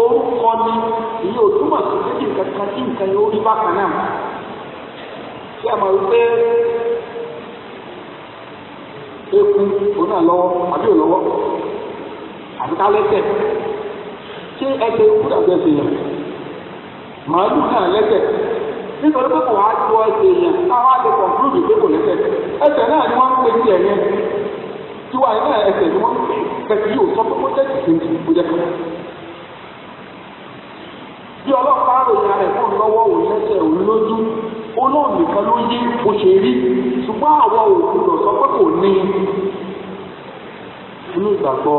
orúkọ ni ìyẹn ò túmọ̀ sí tí nǹkan yóò rí bákan náà ṣé ẹ mọ̀ wípé eku òun náà lọ́wọ́ àbí nítorí pé kò wá ju ẹsẹ̀ yẹn káwá lè kọ̀ǹtúrúdì pé kò lẹ́sẹ̀ ẹsẹ̀ náà ni wọ́n ń pè tiẹ̀ yẹn tiwa yẹn náà ẹsẹ̀ ni wọ́n ń pè pẹ̀sì yóò sọ pé kó jẹ́ kìkì kó jẹ́ kìkì. bí ọlọ́pàá ròyìn rẹ̀ fún lọ́wọ́ òun lẹ́sẹ̀ òun lójú olóòrùn nìkan ló yé bó ṣe rí ṣùgbọ́n àwọn òkú lọ sọ pé kò ní inú ìgbàgbọ́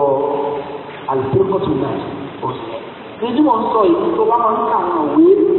àlùfẹ́ kọ́tù náà ọ̀sẹ̀. ìdí mò ń sọ ìdí tó bá máa ń kà àwọn òwe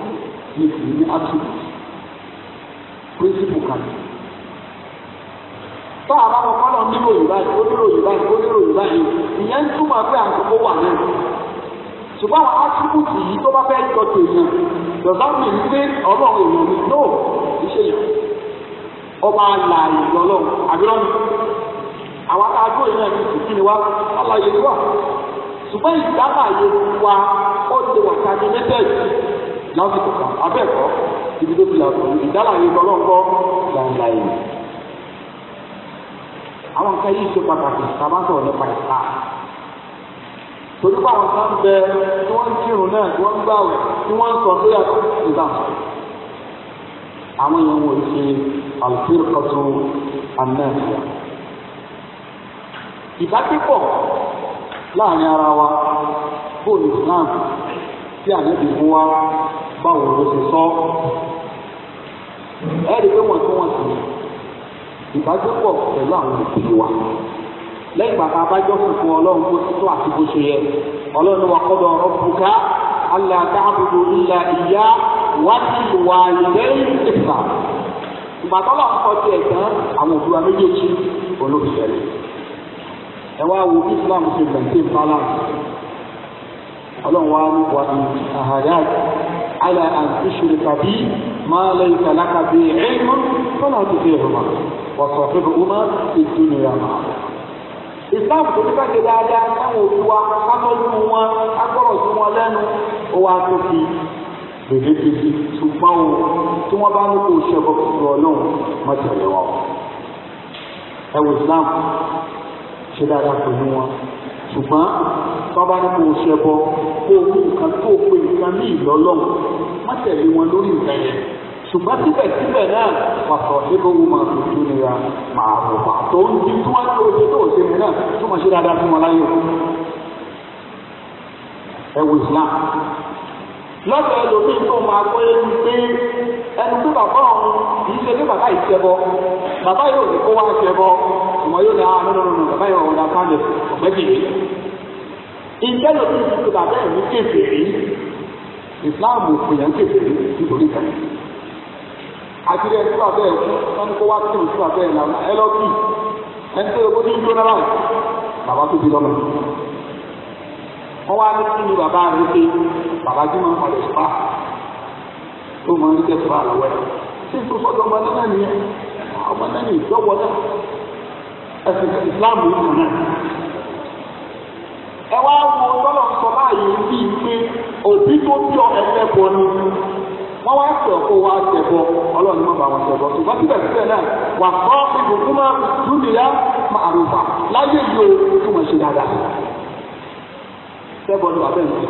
This is the attribute. Principle kan. a bá wọ kọ́lọ̀ nínú òyìnbá yìí, ó nínú òyìnbá yìí, ó nínú òyìnbá yìí, ìyẹn ń túmọ̀ pé àkókò wà náà. Ṣùgbọ́n àwọn yìí tó bá fẹ́ tèèyàn, mi ń gbé ọ̀rọ̀ èèyàn mi lóò iṣẹ́ yẹn. Ọba àlà ìgbọ́lọ́ àbírọ́ mi. Àwọn yìí lásìkò kan abẹ́ẹ̀kọ́ ibi tó ti yàtọ̀ ìdálàyé ọlọ́ńkọ́ làǹdàyè. àwọn nǹkan yìí ṣe pàtàkì sábà sọ̀rọ̀ nípa ìta torí pé àwọn kan bẹ tí wọ́n ń kírun náà tí wọ́n ń gbàwẹ̀ tí wọ́n ń sọ tó yàtọ̀ ìgbà àwọn èèyàn wọ̀nyí ṣe àlùfíìrì kọ́tù anáàfíà ìbákẹ́pọ̀ láàrin ara wa bóòlù náà tí ànábì mú wá báwo ló ṣe sọ ẹ rí pé wọ́n tún wọ́n sì ìbájọpọ̀ àwọn wa fún ti tó àti bó ṣe yẹ ọlọ́run wa qada rabbuka alla ta'budu illa iyya wa bil walidayni ihsana ìgbàtọ́lọ̀ ń kọ́ tiẹ̀ tán àwọn òbí méjèèjì olóòfẹ́ ẹ Islam ṣe balance. ọlọ́run wa ní wa ní àhàyàt àlà àtúnṣe tàbí máa lè kàlákà bí ẹ̀ẹ́mọ́ fọ́nà àtúnṣe ìrọ̀mà wọ̀sọ̀ fún ọmọ ìdúnnìyà máa. Islam tó ní bẹ́ẹ̀ dáadáa táwọn òbí wa kámọ́lú wọn agbọ́rọ̀ sí wọn lẹ́nu ó wá tó fi bèbè bèbè ṣùgbọ́n o tí wọ́n bá ní kó ṣe ọkọ̀ fún ọlọ́run má tẹ̀lé wọn. ẹ wo Islam ṣe dáadáa pẹ̀lú wọn ṣùgbọ́n bàbá ní kò ṣe bọ kó o mú nǹkan tó o pe nǹkan ní ìlọ́lọ́hùn má tẹ̀lé wọn lórí nǹkan yẹn ṣùgbọ́n síbẹ̀síbẹ̀ náà pàtó ìgbóhùn máa fi tún nira máa wò pa tó ń di tí wọ́n tó ṣe tó ṣe mí náà tó máa ṣe dáadáa fún wọn láyé ẹ wò Islam lọ́sọ̀ ẹlòmíì tó máa gbọ́ yé mi pé ẹni tó bàbá ọ̀hún kì í ṣe pé bàbá yìí ṣẹbọ bàbá yóò ní kó wá ṣẹbọ ìmọ̀ yóò ní àwọn ah, ọ̀nà bàbá yóò ọ̀nà sáńdẹ̀ ọ̀gbẹ́bìnrin ìjẹ́lò tí ti ti bàbá ẹ̀mí kéfèé rí islam òfin yẹn kéfèé rí nítorí kan àtìrí ẹni tí bàbá ẹ̀ wọ́n kó wá sí ìlú bàbá ẹ̀ náà ẹ lọ bí ẹni tó yẹ kó ní jóná báyìí bàbá tó di lọ́mọ wọ́n wá ní kí ni bàbá rẹ̀ pé bàbá jí ń palẹ̀ sùpá tó máa ń rí kẹsùpá àlọ́wọ́ ṣé tó sọ́dọ̀ ọmọ náà nìyẹn ọmọ náà ní ìjọ́wọ́ islam ẹ wá wo tọ́lọ̀ ń sọ láàyè bí i pé òbí tó jọ ẹgbẹ́ bọ ni wọ́n wá sọ kó wá ṣẹ̀bọ ọlọ́run ní wọ́n bá wọn ṣẹ̀bọ ṣùgbọ́n síbẹ̀síbẹ̀ náà wà kọ́ ibùkún máa dúnìyà máa rògbà láyé yìí o kí wọ́n ṣe dáadáa ṣẹ́bọ ni wà bẹ́ẹ̀ ni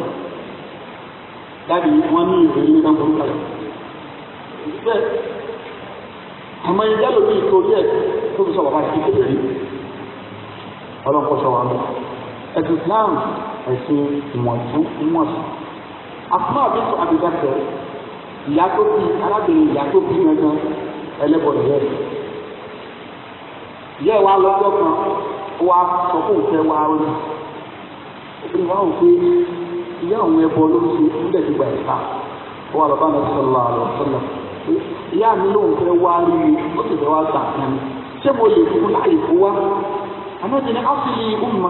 dábì wọ́n ní ìròyìn nígbà burúkú kalẹ̀ bẹ́ẹ̀ àmọ́ ìyá lòdì ìtòrí ẹ̀ tó fi sọ bàbá ìkékeré ọlọ́run kọ́ sọ wa lọ́wọ́ ẹ̀sìn Islam ẹ̀sìn ìwọ̀ntún ìwọ̀nsùn. àfúnà bí tó àbígbàtọ̀ ìyá tó bí arábìnrin ìyá tó bí gangan ẹlẹ́bọ̀ ìyá ẹ̀. ìyá ẹ̀ wá lọ́jọ́ kan ó wá sọ fún òun fẹ́ wá rí obìnrin wa wò pé ìyá òun ẹbọ ló ń ṣe níbẹ̀ ti gbà ẹ̀ka ó wà lọ́ba náà sọ̀rọ̀ àlọ́ sọ̀rọ̀ ìyá mi lòun fẹ́ wá rí mi ó sì fẹ́ wá gbà kan ṣé mo lè fún láàyè fún wa àmọ́ ìdílé á fi ọmọ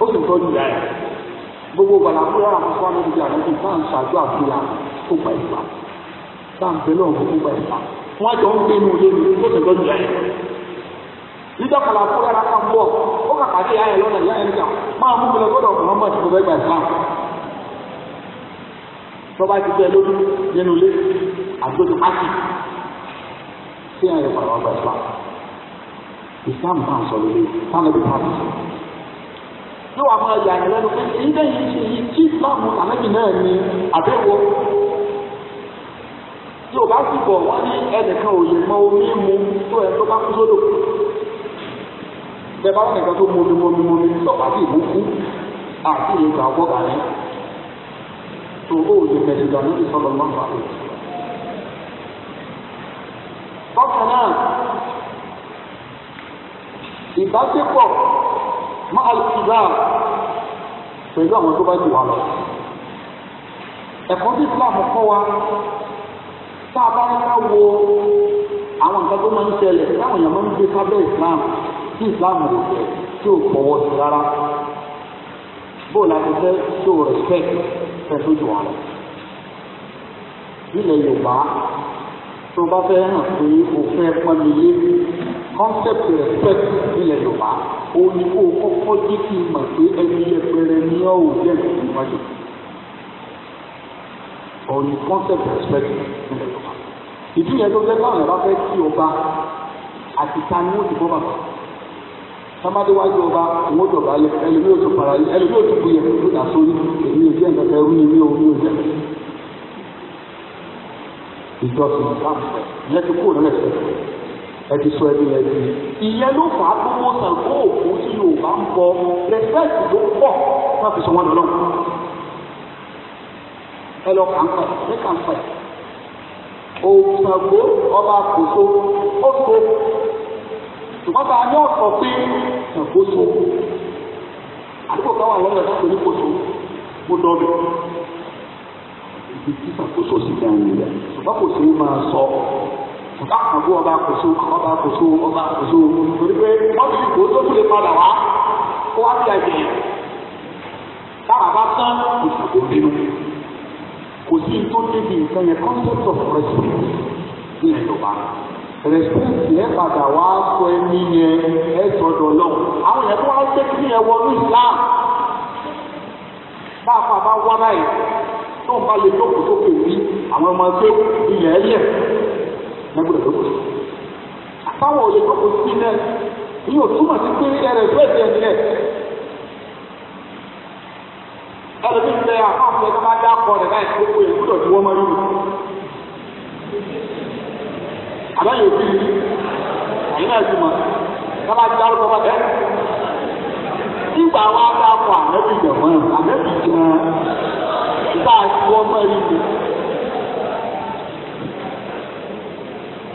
ó sì tọ́jú ìyá rẹ̀ gbogbo gbàlá fúnra àkọ́kọ́ níbi àwọn tó bá ń ṣàjọ àfúrà tó gba ìgbà bá ń bẹ lọ́wọ́ tó gba ìgbà wọ́n jọ ń gbé inú ilé mi ó sì tọ́jú ìyá rẹ̀ nígbà kàlà fúnra rà kà bọ̀ ó kàkà sí ìyá rẹ̀ lọ́nà ìyá rẹ̀ níjà máa mú mi lọ gbọ́dọ̀ Muhammad tó fẹ́ gba ìgbà tọ́ba ti bẹ lójú nínú ilé àgbẹ̀dọ̀ ákì sí ìyá rẹ̀ ọgbà ìgbà ìsìlámù yóò wá máa yà lẹ́nu pé ilé yìí ṣe yìí tí ìsìláàmù ànábì náà ní àbẹ̀wò yóò bá sì bọ̀ wọ́n ní ẹnìkan ò lè mọ omi mu tó ẹ tó bá kú sódò bẹ́ẹ̀ bá wọn nìkan tó momi momi momi tó bá sì bùkú àti ìlú kan gbọ́ gàlẹ́ tó o lè mẹ̀sì gbà lórí sọ́dọ̀ náà fà lórí. bákan náà ìbáṣepọ̀ máa alùpùpù pẹ̀lú àwọn tó bá jù wá lọ. ẹ̀kọ́ tí Islam kọ́ wa tá a bá ń ká wo àwọn nǹkan tó máa ń ṣẹlẹ̀ táwọn èèyàn máa ń gbé sábẹ́ Islam tí Islam rò jẹ́ tí ò fọwọ́ sí rárá bóòlù àti respect fẹ́ tó jù wá lọ nílẹ̀ yorùbá tó bá concept respect ilẹ̀ yorùbá òun ni kó o kọ́kọ́ jí kí n mọ̀ pé ẹni yẹpẹrẹ ni ọ́ ò jẹ́ ìlú wájú òun ni concept respect ilẹ̀ yorùbá ìdí yẹn ló jẹ́ káwọn ẹ̀ bá fẹ́ kí ọba àti ta ni wọ́n ti bọ́ bàbá sábàdé wájú ọba àwọn òjọba ẹlẹ́mí òtò para ẹlẹ́mí òtò bu yẹn tó dà sórí èmi ò jẹ́ nǹkan kan ẹrú ni mi ò ní o jẹ́ ìjọsìn ìbámu yẹn ti kúrò nílẹ̀ sẹ́yìn ẹ ti sọ ẹni yẹn sí. ìyẹn ló fà á gbogbo Ṣàngó òkú tí Yorùbá ń bọ rẹpẹ́tì ló pọ̀ wọ́n fi sọ wọn lọ́nà. ẹ lọ kà ń pẹ̀ ẹ kà ń pẹ̀. òun Ṣàngó ọba kòso ó so ṣùgbọ́n bá a ní ọ̀sọ̀ pé Ṣàngó so àdúgbò káwọn àwọn ọ̀rẹ́ láti oníkòso mo dọ̀ mi ibi tí Ṣàngó so sí gan kò sí máa sọ ọba àbú ọba kòso ọba kòso ọba kòso torí pé wọ́n ti kó tó tún lè padà wá kó wá sí àjẹ táwa bá tán kòsì tó bínú kò sí tó débi nǹkan yẹn concept of respect ní ìjọba respect yẹn padà wá sọ ẹni yẹn ẹ sọ́dọ̀ lọ́wọ́ àwọn yẹn tó wá ṣe kí yẹn wọnú Islam bá a fà bá wá báyìí tó ń bá lè lókòókò wí àwọn ọmọ tó ilẹ̀ ẹ̀yẹ̀. gbogbo ìlú. àtàwọn òye tó kù sí náà ní òtúmọ̀ sí pé ẹrẹ̀ fẹ́ di ẹni ẹ̀. ẹlòmíì ń bẹ àfáàfẹ́ tó bá dákọ̀ rẹ̀ láì tó kú èkúrò tí wọ́n máa yí àbáyọ̀ náà ti mọ̀ ìgbà tí wọ́n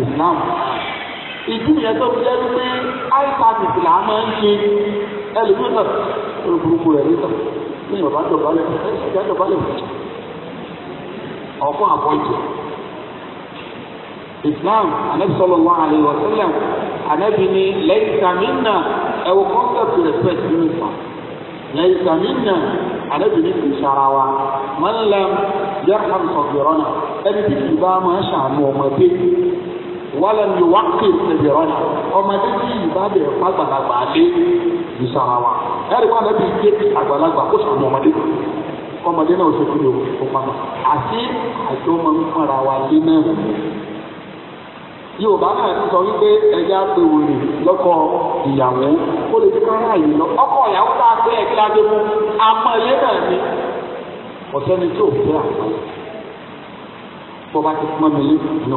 islam ìdí yẹn tó fi jẹ́ pé ipatis là á máa ń ṣe ẹlòmíràn olùkúrukú rẹ̀ níta ní ìbàbá dọ̀bálẹ̀ ẹ̀ṣẹ̀ dọ̀bálẹ̀ ọ̀pọ̀ àpọ̀jù islam anabi sallallahu alaihi wa sallam anabi ni lẹ́yìn sàmínà ẹ̀wọ̀ kọ́ńtẹ̀tì respect nínú ìfà lẹ́yìn sàmínà anabi ni kì í ṣara wa man lam yarham sọ̀gbẹ̀rọ̀nà ẹni tí kì í bá máa ṣàánú ọmọdé wọ́n lẹ́nu yóò wá ya ìpínlẹ̀ rọ́ṣà ọmọdé tí ìbá bẹ̀rẹ̀ fún àgbàlagbà lé ìsara wa ẹ̀rí wọn lẹ́bi gbé àgbàlagbà kó sàmù wa yorùbá náà sọ wípé ẹja ìyàwó ó lè lọ ọkọ ìyàwó náà ni tí ò àpá ti ní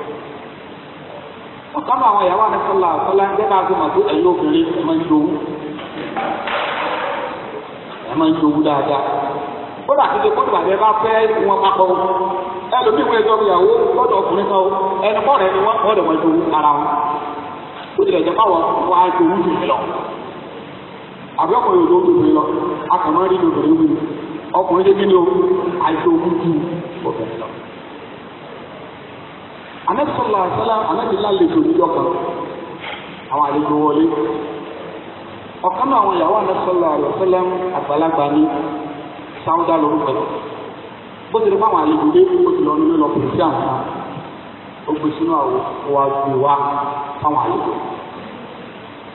ọ̀kan bá àwọn ìyàwó àdásọ́lá àtọ́lá ń dẹ́ka àgbọ̀mọ̀ tó ẹ̀yin obìnrin ẹ̀ máa ń jowú ẹ̀ máa ń jowú dáadáa ó dà kéde kó dùbàdé bá fẹ́ wọn papọ̀ ẹlòmíì wọ́n ẹjọ́ ìyàwó lọ́dọ̀ ọkùnrin kan ẹnu kọ́ rẹ̀ ni wọ́n wọ́n dẹ̀ wọ́n jowú ara wọn ó tilẹ̀ jẹ́ káwọn wọ́n jowú jù lọ àbí ọkùnrin yóò lọ obìnrin lọ anẹ́sọ̀lá àṣálá anẹ́bílá àlejò níjọ́ kan àwọn àlejò wọlé ọ̀kan náà àwọn ìyàwó anẹ́sọ̀lá àṣálá àgbàlagbà ní sáúdà lórúkọ bó ti rí fáwọn àlejò dé ó ti lọ nílé lọ pèsè sí àǹfà ó gbé sínú àwọn àgbè wa fáwọn àlejò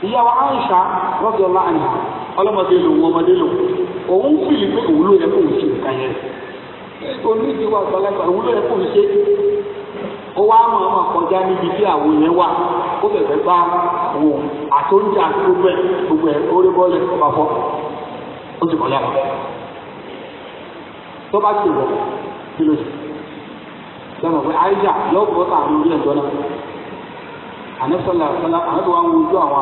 ìyàwó Aisha rọ́bì ọlá àyà ọlọ́mọdé lòun ọmọdé lòun òun fìlì pé òun ló yẹ kó òun ṣe nǹkan yẹn onídìí wa òun ló yẹ kó òun ṣe ó wá mọ̀ ọmọ kọjá níbi tí àwọn yẹn wà ó bẹ̀rẹ̀ bá wò àtúntà gbogbo ẹ̀ gbogbo ẹ̀ ó rí bọ́ọ̀lù ọba fọ́ ó ti mọ̀lẹ́ tó bá ti wọ̀ kí ló sì pé yóò bọ́ ẹ̀jọ́ náà ànẹ́sọ̀lá ànẹ́sọ̀lá ń wojú àwọn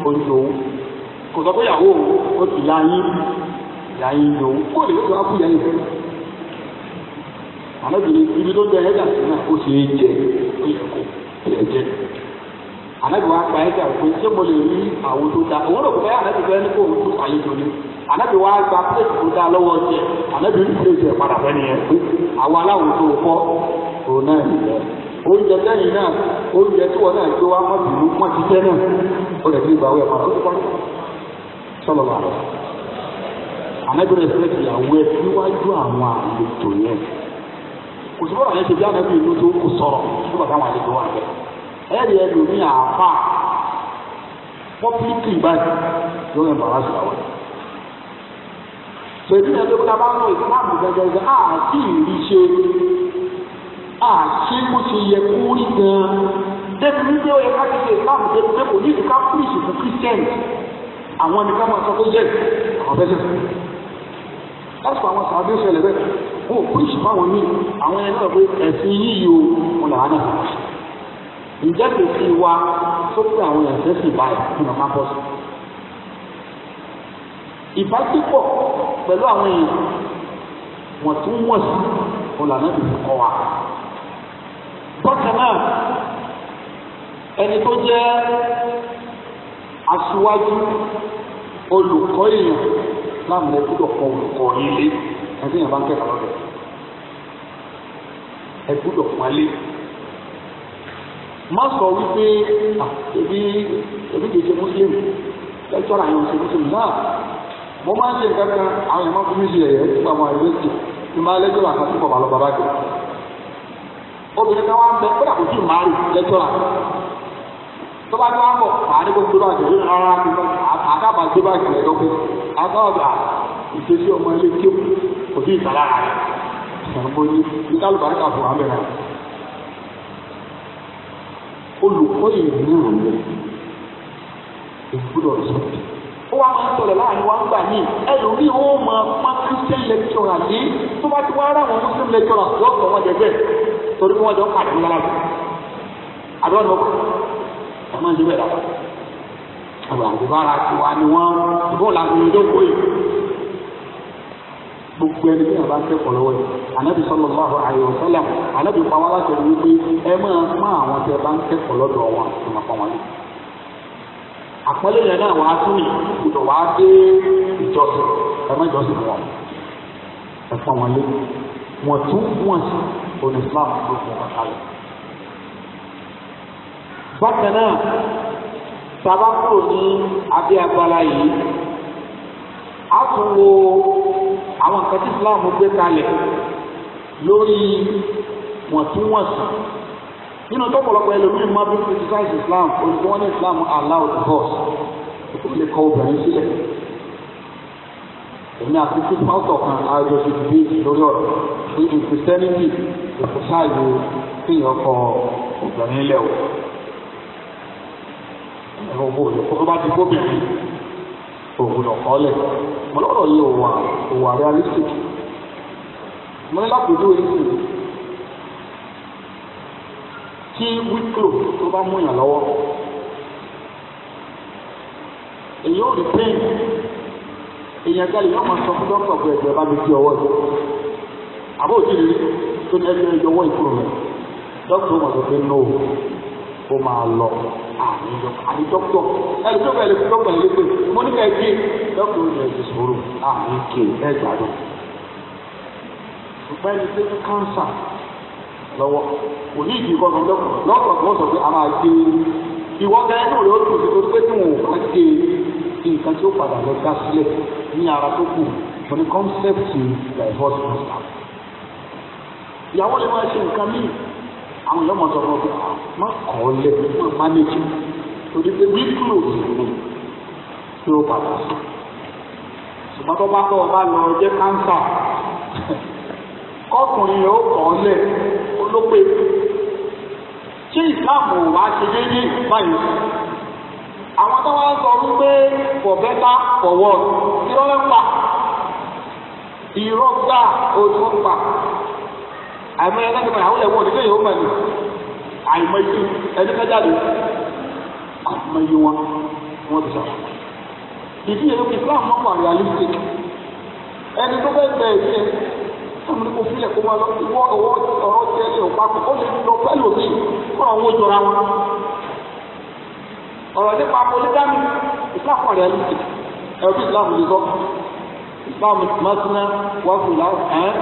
àlejò kò sọ pé ìyàwó òun ó ti ya yín ìyá yín lòun kó lè lóṣù ákú ìyá yín ànábìrin ibi tó jẹ ẹ̀dà sí náà ó ṣe é jẹ ó yẹ kó tiẹ̀ jẹ. ànábìrin wa pa ẹ̀dà pé ṣé mo lè rí àwọn tó da òun rò pé ànábìrin fẹ́ ní kó òun ayé jọ ní anabi wa gba plate tó dá lọ́wọ́ jẹ anabi ní plate padà fẹ́ nìyẹn àwọn aláwọ̀ tó fọ́ òun náà nìyẹn oúnjẹ lẹ́yìn náà oúnjẹ tí wọ́n náà gbé wá mọ́tò mọ́tò náà ó lè fi gbà wẹ̀ padà sọlọ́lá rẹ̀ anábìrin ẹ̀fẹ́ àwọn ẹ̀ níwájú àwọn àlejò yẹn kò sí bọ́lá yẹn ti bí anábìrin ló tó kò sọ̀rọ̀ nígbà táwọn àlejò wà bẹ́ẹ̀ ẹ̀rí ẹ̀lò ní àáfà pọ́pílìkì báyìí ló ń bàrà sí àwọn lọ kó yẹ kó rí gan débi ká ti ṣe débi ní kúrìsì fún kírísítẹ́nì. àwọn nìkan máa sọ pé jẹ́ àwọn bẹ́ẹ̀ lẹ́nu lásìkò àwọn sàbí ṣẹlẹ̀ bẹ́ẹ̀ wọn ò pèsè fáwọn míì àwọn ẹni náà pé ẹ̀sìn yín yìí o wọn làwọn náà ǹjẹ́ kò sí wa tó pé àwọn ẹ̀sẹ̀ sì báyìí nínú kápọ́sì ìbáṣepọ̀ pẹ̀lú àwọn èèyàn wọ́n tún wọ̀n sí ọ̀làná ìlú kọ́ wa. bákan náà ẹni tó jẹ́ aṣíwájú olùkọ́ èèyàn láàmú ẹ gbúdọ̀ kọ olùkọ́ yín lé ẹni tí èèyàn bá ń kẹ́kọ̀ọ́ lọ́dọ̀ ẹ gbúdọ̀ pọ́n lé má sọ wípé ẹbí ẹbí kìí ṣe muslim lẹ́tọ́rọ̀ àyàn ṣe muslim náà mo máa ń ṣe nǹkan kan àwọn èèyàn máa fún mi ṣe ẹ̀yẹ nípa àwọn ẹgbẹ́ ti ní máa lẹ́tọ́rọ̀ àkàtì bàbá lọ obìnrin kan wá ń bẹ kódà kò tún máa rù lẹ́tọ́rọ̀ tó bá tó àbọ̀ àdébò tó bá jòwó rárá mi bá àdàbà tó bá jòwó ẹ̀dọ́ pé àdàbà ìṣesí ọmọ ilé tí kò sí ìsàlá rẹ̀ ìsàlùmọ́ ní ìdálù bàríkà fún wa mẹ́ra olùkọ́ ìrìn ní ìròyìn ìgbúdọ̀ sọ̀tì ó wá máa ń sọ̀rọ̀ láàrin wa ń gbà ní ẹlòmíì ó máa pa christian lecturer ní tó bá ti wá ara muslim lecturer lọ́sọ̀ọ́ wọn jẹgbẹ́ torí wọn jọ ń pàdé àdúrà ni wọn àmọ́ níbẹ̀ lọ́wọ́ àwọn àgùnbára ti wá ni wọ́n bóòlù àgùnbó jókòó yìí gbogbo ẹni tí a bá kẹ́kọ̀ọ́ lọ́wọ́ yìí anabi sallallahu alaihi wasallam anabi pa wá láti rí wípé ẹ máa pọ́n àwọn tí a bá ń kẹ́kọ̀ọ́ lọ́dọ̀ wọn tó máa pọ́n wọn lé. àpọ́nlé yẹn náà wàá tún ìgbìdọ̀ wàá dé ìjọsìn ẹ má jọ́sìn wọn ẹ pọ́n wọn lé wọn tún wọn sí onísìlámù ló fún wọn kálẹ̀ bákan náà sábà kúrò ní abẹ́ agbára yìí a tún wo àwọn nǹkan tí Islam gbé kalẹ̀ lórí wọ̀ntúnwọ̀nsì nínú tọ́pọ̀lọpọ̀ ẹlòmíì máa bí criticize Islam olùkọ́ wọn ní Islam allow divorce ó lè kọ obìnrin sílẹ̀ èmi àti tí pásítọ̀ kan àjọ ti dìbí lórí ọ̀rọ̀ pé ìfìsẹ́nìtì kò sáàyò kéèyàn kọ obìnrin lẹ́wọ̀ ọmọ olùkọ́ tó bá ti gbóbìnrin òògùn ọ̀kọ́lẹ̀ mo lọ́rọ̀ yìí òwà òwà realistic mo lápòjú èyí tí wíkúlò tó bá mú yàn lọ́wọ́ èyí ò rí pain èyàn jáde yóò máa sọ fún dókítà pé ẹgbẹ́ bá mi fi ọwọ́ yìí àbóòtú tó ní ẹgbẹ́ ẹjọ́ ìkúrò rẹ̀ dókítà ó máa sọ pé no kó máa lọ àní dọ́kítọ̀ ẹni tó bẹ̀rẹ̀ fún dọ́kítọ̀ yìí pé mo ní kẹ́kí dọ́kítọ̀ yìí ti sòrò àní kè ẹ gbàdọ̀. ṣùgbọ́n ẹni tó ní kánsà lọ́wọ́ kò ní ìdí ìkọ́sọ̀ dọ́kítọ̀ lọ́kọ̀ kan sọ pé a máa gbé e. ìwọ gẹ́gẹ́ náà ló tù tó pé tí wọn ò bá gbé e, nǹkan tí ó padà lọ dá sílẹ̀ ní ara tó kù for the concept to divorce master. ìyàwó lè máa ṣe nǹkan míì àwọn yọmọ sọ fún ọ má kọ́ lẹ̀ má mánéjì torí pé wíkúlò ìlú tí ó bàbá sí ṣùgbọ́n tó bá tọ́ ọ bá lọ jẹ́ káńsà kọkùnrin yẹn ó kọ́ lẹ̀ olópè ṣé ìsìláàmù wa ṣe déédéé báyìí àwọn tó wá sọ wípé for better for worse irọ́ ń pa irọ́ gbà ojú ń pa àìmọye ẹgbẹ́ kan àwọn ẹ̀wọ̀n òdìgbò yòówù mẹ́lì àìmọye ẹni fẹ́ jáde àìmọye wọn wọn ti sọ. ìdí yẹn ló fi Islam mọ́ wà realistic ẹni tó fẹ́ bẹ̀ ẹ̀yẹ ọmọ ní kò fílẹ̀ kó wọn lọ wọ ọwọ́ ọ̀rọ̀ tẹ ẹ ọ̀pá kó ó lè lọ pẹ́lú òbí kó àwọn ojú ra wọn. ọ̀rọ̀ nípa polygamy Islam wà realistic ẹ̀rọ bí Islam lè sọ Islam masina wàhùn láwùn ẹ̀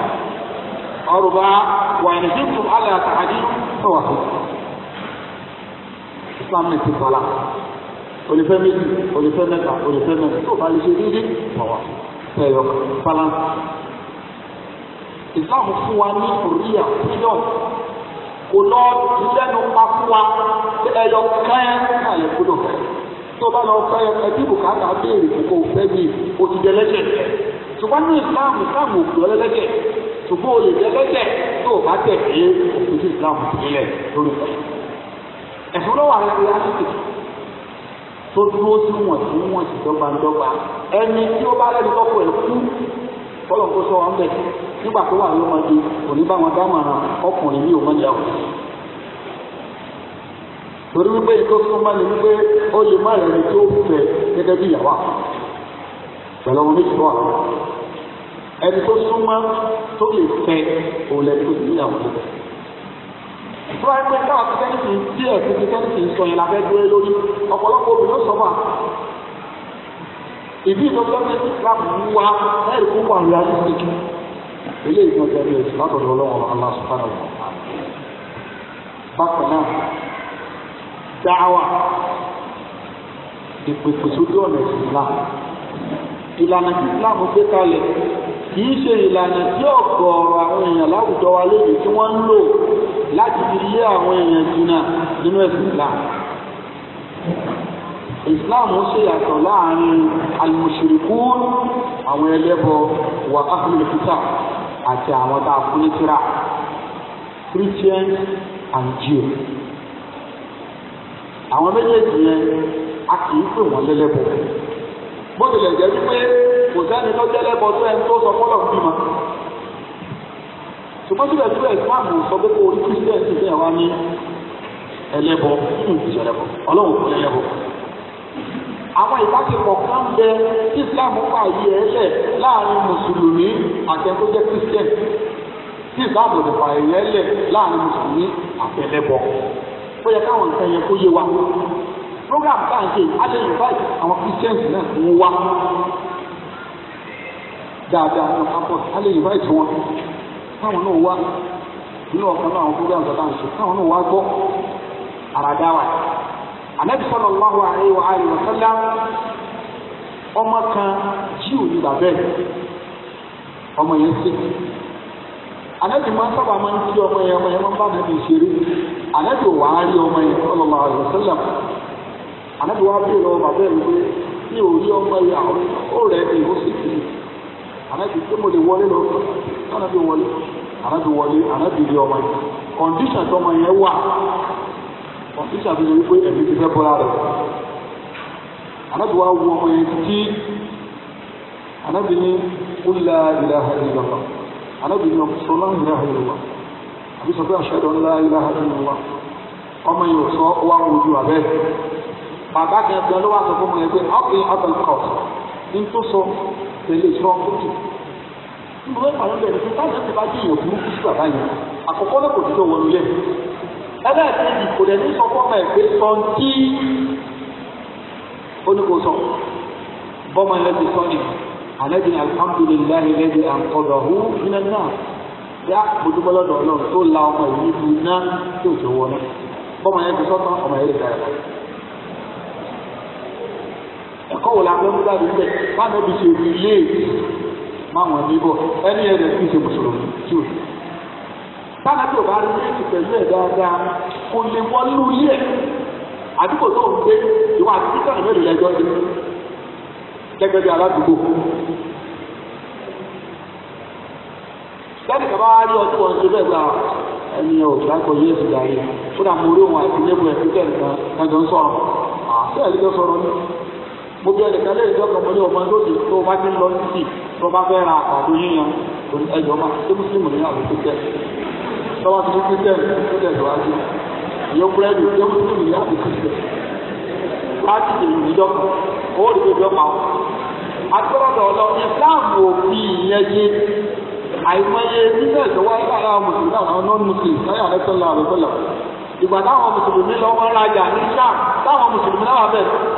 أربعة وإن جئتم على تعديل فواحد Islam ní ti fọlá olùfẹ́ méjì olùfẹ́ mẹ́ta olùfẹ́ mẹ́ta tó bá lè ṣe déédéé fọwọ́ fẹ́yọ fọlá. Islam fún wa ní oríyà fídọ̀ kò lọ lẹ́nu pa fún wa ẹyọ kẹ́ẹ́ náà yẹ kúrò tó bá lọ fẹ́ ẹbí bùkátà béèrè kókó fẹ́ mi òtítẹ́lẹ́sẹ̀ ṣùgbọ́n ní Islam Islam ò kúrò lẹ́lẹ́sẹ̀. ṣùgbọ́n olè jẹ́lẹ́tẹ̀ tó o bá tẹ̀lé òṣèlú ìsìlámù nílẹ̀ lórí ẹ̀. ẹ̀sùn lọ́wọ́ àwọn ẹgbẹ́ lásìkò tó dúró sí wọn tí wọ́n ti dọ́gbandọ́gba ẹni tí ó bá lẹ́nu lọ́pọ̀ ẹ̀ kú bọ́lọ̀ kó sọ wọn bẹ̀ nígbà tó wà lọ́mọdé bá wọn ọkùnrin ni wípé ó lè ẹni tó súnmọ́ tó lè fẹ́ òun lẹni tó níyàwó tó fẹ́. Fúra ẹgbẹ́ káà ti tẹ́ǹtì díẹ̀ ti ti tẹ́ǹtì sọ yẹn lábẹ́ dúró lórí ọ̀pọ̀lọpọ̀ obìnrin ó sọ wà. Ìdí ìtọ́jọ́ ní Islam wá ẹ̀rí púpọ̀ àwọn ará ní ìdíjú. Ilé ìgbọ̀nsẹ̀ rẹ̀ sì látọ̀dọ̀ ọlọ́run Allah subhanahu wa ta'ala. Bákan náà, dáhàwà ìpèsè sójú ọ̀nà ìsìlá. Ìlànà ìsìlá mo gbé kalẹ̀ kì í ṣe ìlànà tí ọ̀gọ̀ọ̀rọ̀ àwọn èèyàn láwùjọ wa tí wọ́n ń lò láti fi lé àwọn èèyàn jìnnà nínú ẹ̀sìn Islam. Islam ṣe yàtọ̀ láàrin al àwọn ẹlẹ́bọ wà áfíríkítà àti àwọn tá a fún ní Christians and Jews. àwọn a kì í pè wọ́n bó tilẹ̀ kò sẹ́ni tó jẹ́ lẹ́bọ tó ẹni tó sọ fọ́lọ̀ bí ma. ṣùgbọ́n síbẹ̀síbẹ̀ ìsìláàmù sọ pé kó orí kristian sì bẹ́ẹ̀ wá ní ẹlẹ́bọ fún ìṣẹ̀ lẹ́bọ ọlọ́run fún ẹlẹ́bọ. àwọn ìbáṣepọ̀ kan bẹ tí ìsìláàmù fà yí ẹ lẹ̀ láàrin mùsùlùmí àtẹ tó jẹ́ kristian tí ìsìláàmù fà yí ẹ lẹ̀ láàrin mùsùlùmí àtẹlẹ́bọ ó yẹ káwọn nǹkan yẹn kó yé wa program káàkiri a lè invite àwọn christians náà fún wa dáadáa nínú campus a lè invite wọn káwọn náà wá nínú ọ̀kan náà àwọn program tó dáhùn sí káwọn náà wá gbọ́ àràdáwà anabi sallallahu alayhi wa alayhi wa sallam ọmọ kan jíù ní bàbẹ́ ọmọ yẹn sí ànábì tí mo lè wọlé lọ ànábì wọlé ànábì wọlé ànábì rí ọmọ yẹn kọ̀ǹdíṣà tó ọmọ yẹn wà kọ̀ǹdíṣà tó yẹ wípé ẹ̀mí ti fẹ́ bọ́lá rẹ̀ ànábì wa wọ ọmọ yẹn títí ànábì ní kúlá ìlàhà ìlàhà ànábì ní ọ̀sọ́lá ìlàhà ìlàhà àbí sọ pé àṣẹdọ̀ ńlá ìlàhà ìlàhà ọmọ yẹn sọ wà wọjú abẹ́ bàbá kan gan ló wà sọ fún ọmọ yẹn ọkùnrin ọ̀tọ̀ nǹkan nítorí sọ pèlè tí wọ́n kúrò. Níbo ló ń pàdé bẹ̀rẹ̀ fún táwọn ẹ̀sìn bá jẹ́ èèyàn burúkú sí bàbá yẹn. Àkọ́kọ́ náà kò tún wọnú yẹn. Ẹlẹ́ẹ̀kejì kò dẹ̀ ní sọ fọ́ọ̀mù ẹ̀ pé sọ tí oníkóso bọ́mọ ẹlẹ́bi sọ́ni àlẹ́bi alhamdulilayi lẹ́bi àǹkọ́dọ̀hù nínú náà. Yá mojúbọ́lọ́dọ̀ ọlọ́run tó la ọmọ ìlú náà tó tó wọlé. Bọ́mọ ẹlẹ́bi sọ́tàn ọmọ ẹlẹ́bi dára ẹ̀kọ́ wò la fẹ́ mú jáde níbẹ̀ báwọn ẹbí ṣe fi lé máwọn ẹbí bọ̀ ẹni ẹ̀ lẹ́sìn ṣe mùsùlùmí tí o. táwọn ẹbí ò bá rí méjì pẹ̀lú ẹ̀ dáadáa kò lè wọ́n lú ilé ẹ̀ àdúgbò tó ń gbé ìwà àti títà ìmẹ́rin lẹ́jọ́ ti gẹ́gẹ́ aládùúgbò. Lẹ́nu kaba wá rí ọdún wọn ṣe bẹ́ẹ̀ gba ẹni ọ̀gá kọ yé èsì dàrí. Fúnà mo rí òun àti ilé ìwé ẹ̀sìn tẹ̀lé kan sọ̀rọ̀. Bẹ́ẹ̀ ló sọ̀rọ̀ ní mo bí ẹnìkan lè jọ kàn mọ́lẹ́ ọmọ lóde tó o bá ti ń lọ títì tó o bá fẹ́ ra àpàdo yíyan ẹjọ́ máa ṣé mùsùlùmù ní àwọn kristian tọ́wọ́ ti ní kristian tó dẹ̀ lọ́wọ́ sí ìyẹn búrẹ́dì ṣé mùsùlùmù ní àwọn kristian láti lè yìí jọ kàn owó ìdíje jọ pa ọ́ àtúrọ̀dọ̀ ọ̀lọ́ ìsìláàmù òfin ìyẹn yé àìmọye nígbà ìṣòwò ayélujára mùsùlùmí àwọn non-muslim láyé àlẹ́sọ̀lá àlẹ́sọ̀lá mùsùlùmí lọ́wọ́ mùsùlùmí náà bẹ̀rẹ̀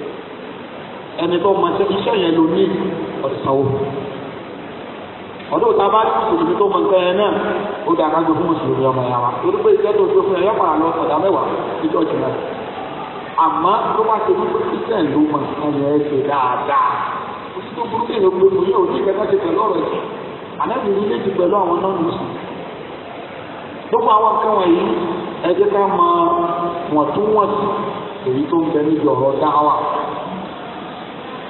ẹni tó mọ ṣe iṣẹ́ yẹn ló ní ọ̀sánwó ọdún tá a bá ní mùsùlùmí tó mọ nǹkan yẹn náà ó dà ká gbé fún mùsùlùmí ọmọ yàrá torí pé iṣẹ́ tó gbé fún ẹ yọpàá lọ ọ̀dà mẹ́wàá níjọ́ ìjìnlẹ̀ àmọ́ tó bá ṣe wípé iṣẹ́ ló mọ nǹkan yẹn ṣe dáadáa oṣù tó burúkú yẹn gbé fún ní ìkẹ́kẹ́ ṣe pẹ̀lú ọ̀rọ̀ yìí àlẹ́bí ní méjì pẹ̀lú àwọn nọ́ọ̀nù sùn gbogbo àwọn nǹkan wọ̀nyí ẹ jẹ́ ká mọ wọ̀ntúnwọ̀nsì èyí tó ń bẹ níbi ọ̀rọ̀ dáhàwà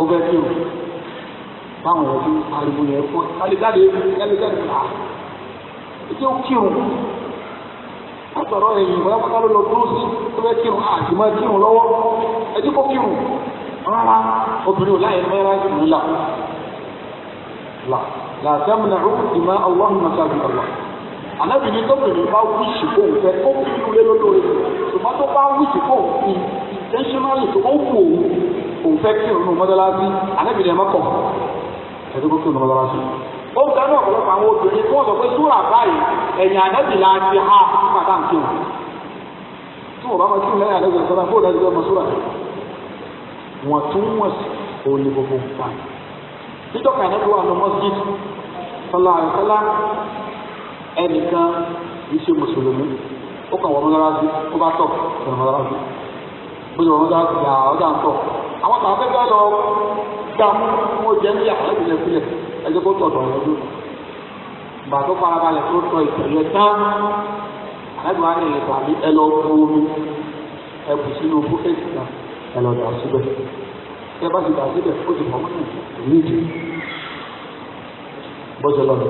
ó fẹ́ kí o báwọn yẹn fi ariwo yẹn fún kálíkálí kálíkálí fà á ṣé ó kí o Atọrọ ẹ̀yìn bóyá pátá lọ dúró sí ó o àti máa kí o kó kí o rárá obìnrin ò láyé là là náà ó kùtì máa ọlọ́run náà sábì bá wíṣì kó o fẹ́ kó bá wíṣì O fẹ́ kí òun mọ́tálásí ànábì ni ẹ má o ó ń dáná ọ̀pọ̀lọpọ̀ àwọn obìnrin tí wọ́n sọ pé súrà báyìí ha nígbà ń kí tí wọ́n bá máa kí lẹ́yìn sọ́dá ọmọ súrà wọ́n tún wọ́n gbogbo nǹkan. sọlá ẹnìkan iṣẹ́ mùsùlùmí ó kàn wọ́n ó bá tọ̀ àwọn kan fẹ́ fẹ́ lọ gbà mú wọn jẹ́ ní yàrá ìpìlẹ̀ ìpìlẹ̀ ẹjẹ́ kó tọ̀tọ̀ rẹ lónìí. ìgbà tó farabalẹ̀ tó tọ ìtẹ̀lẹ̀ tán àlejò wa ní ìlẹ̀kọ̀ àbí ẹ lọ fún omi ẹ bù sínú bókẹ́tì náà ẹ lọ dà síbẹ̀ ẹ bá ti dà síbẹ̀ ó ti fọwọ́ náà níbi bọ́sẹ̀ lọ́nà.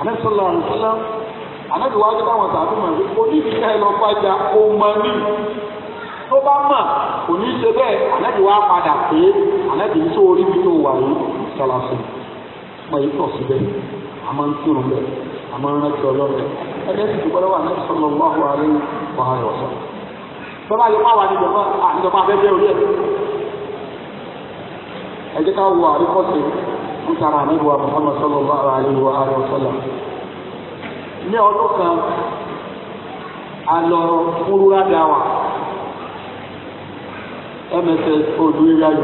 àlejò sọ̀rọ̀ àlejò wa ní báwọn tàbí tó bá mà kò ní ṣe bẹ́ẹ̀ ànábì wá padà pé ànábì ń tó orí tó wà ní síbẹ̀ a máa ń kírun bẹ́ẹ̀ a máa ń rántí ọlọ́run ẹgbẹ́ sì ti gbọ́dọ̀ wà ní sọlọ lọ́wọ́ àlẹ́ wàhálà ìwọ̀sán bọ́lá yóò má wà ní abẹ́jẹ́ orí ẹ̀ ẹ jẹ́ ká wo àríkọ́sẹ̀ nítorí àníwá Muhammad sallallahu alayhi wa mss olùyàyò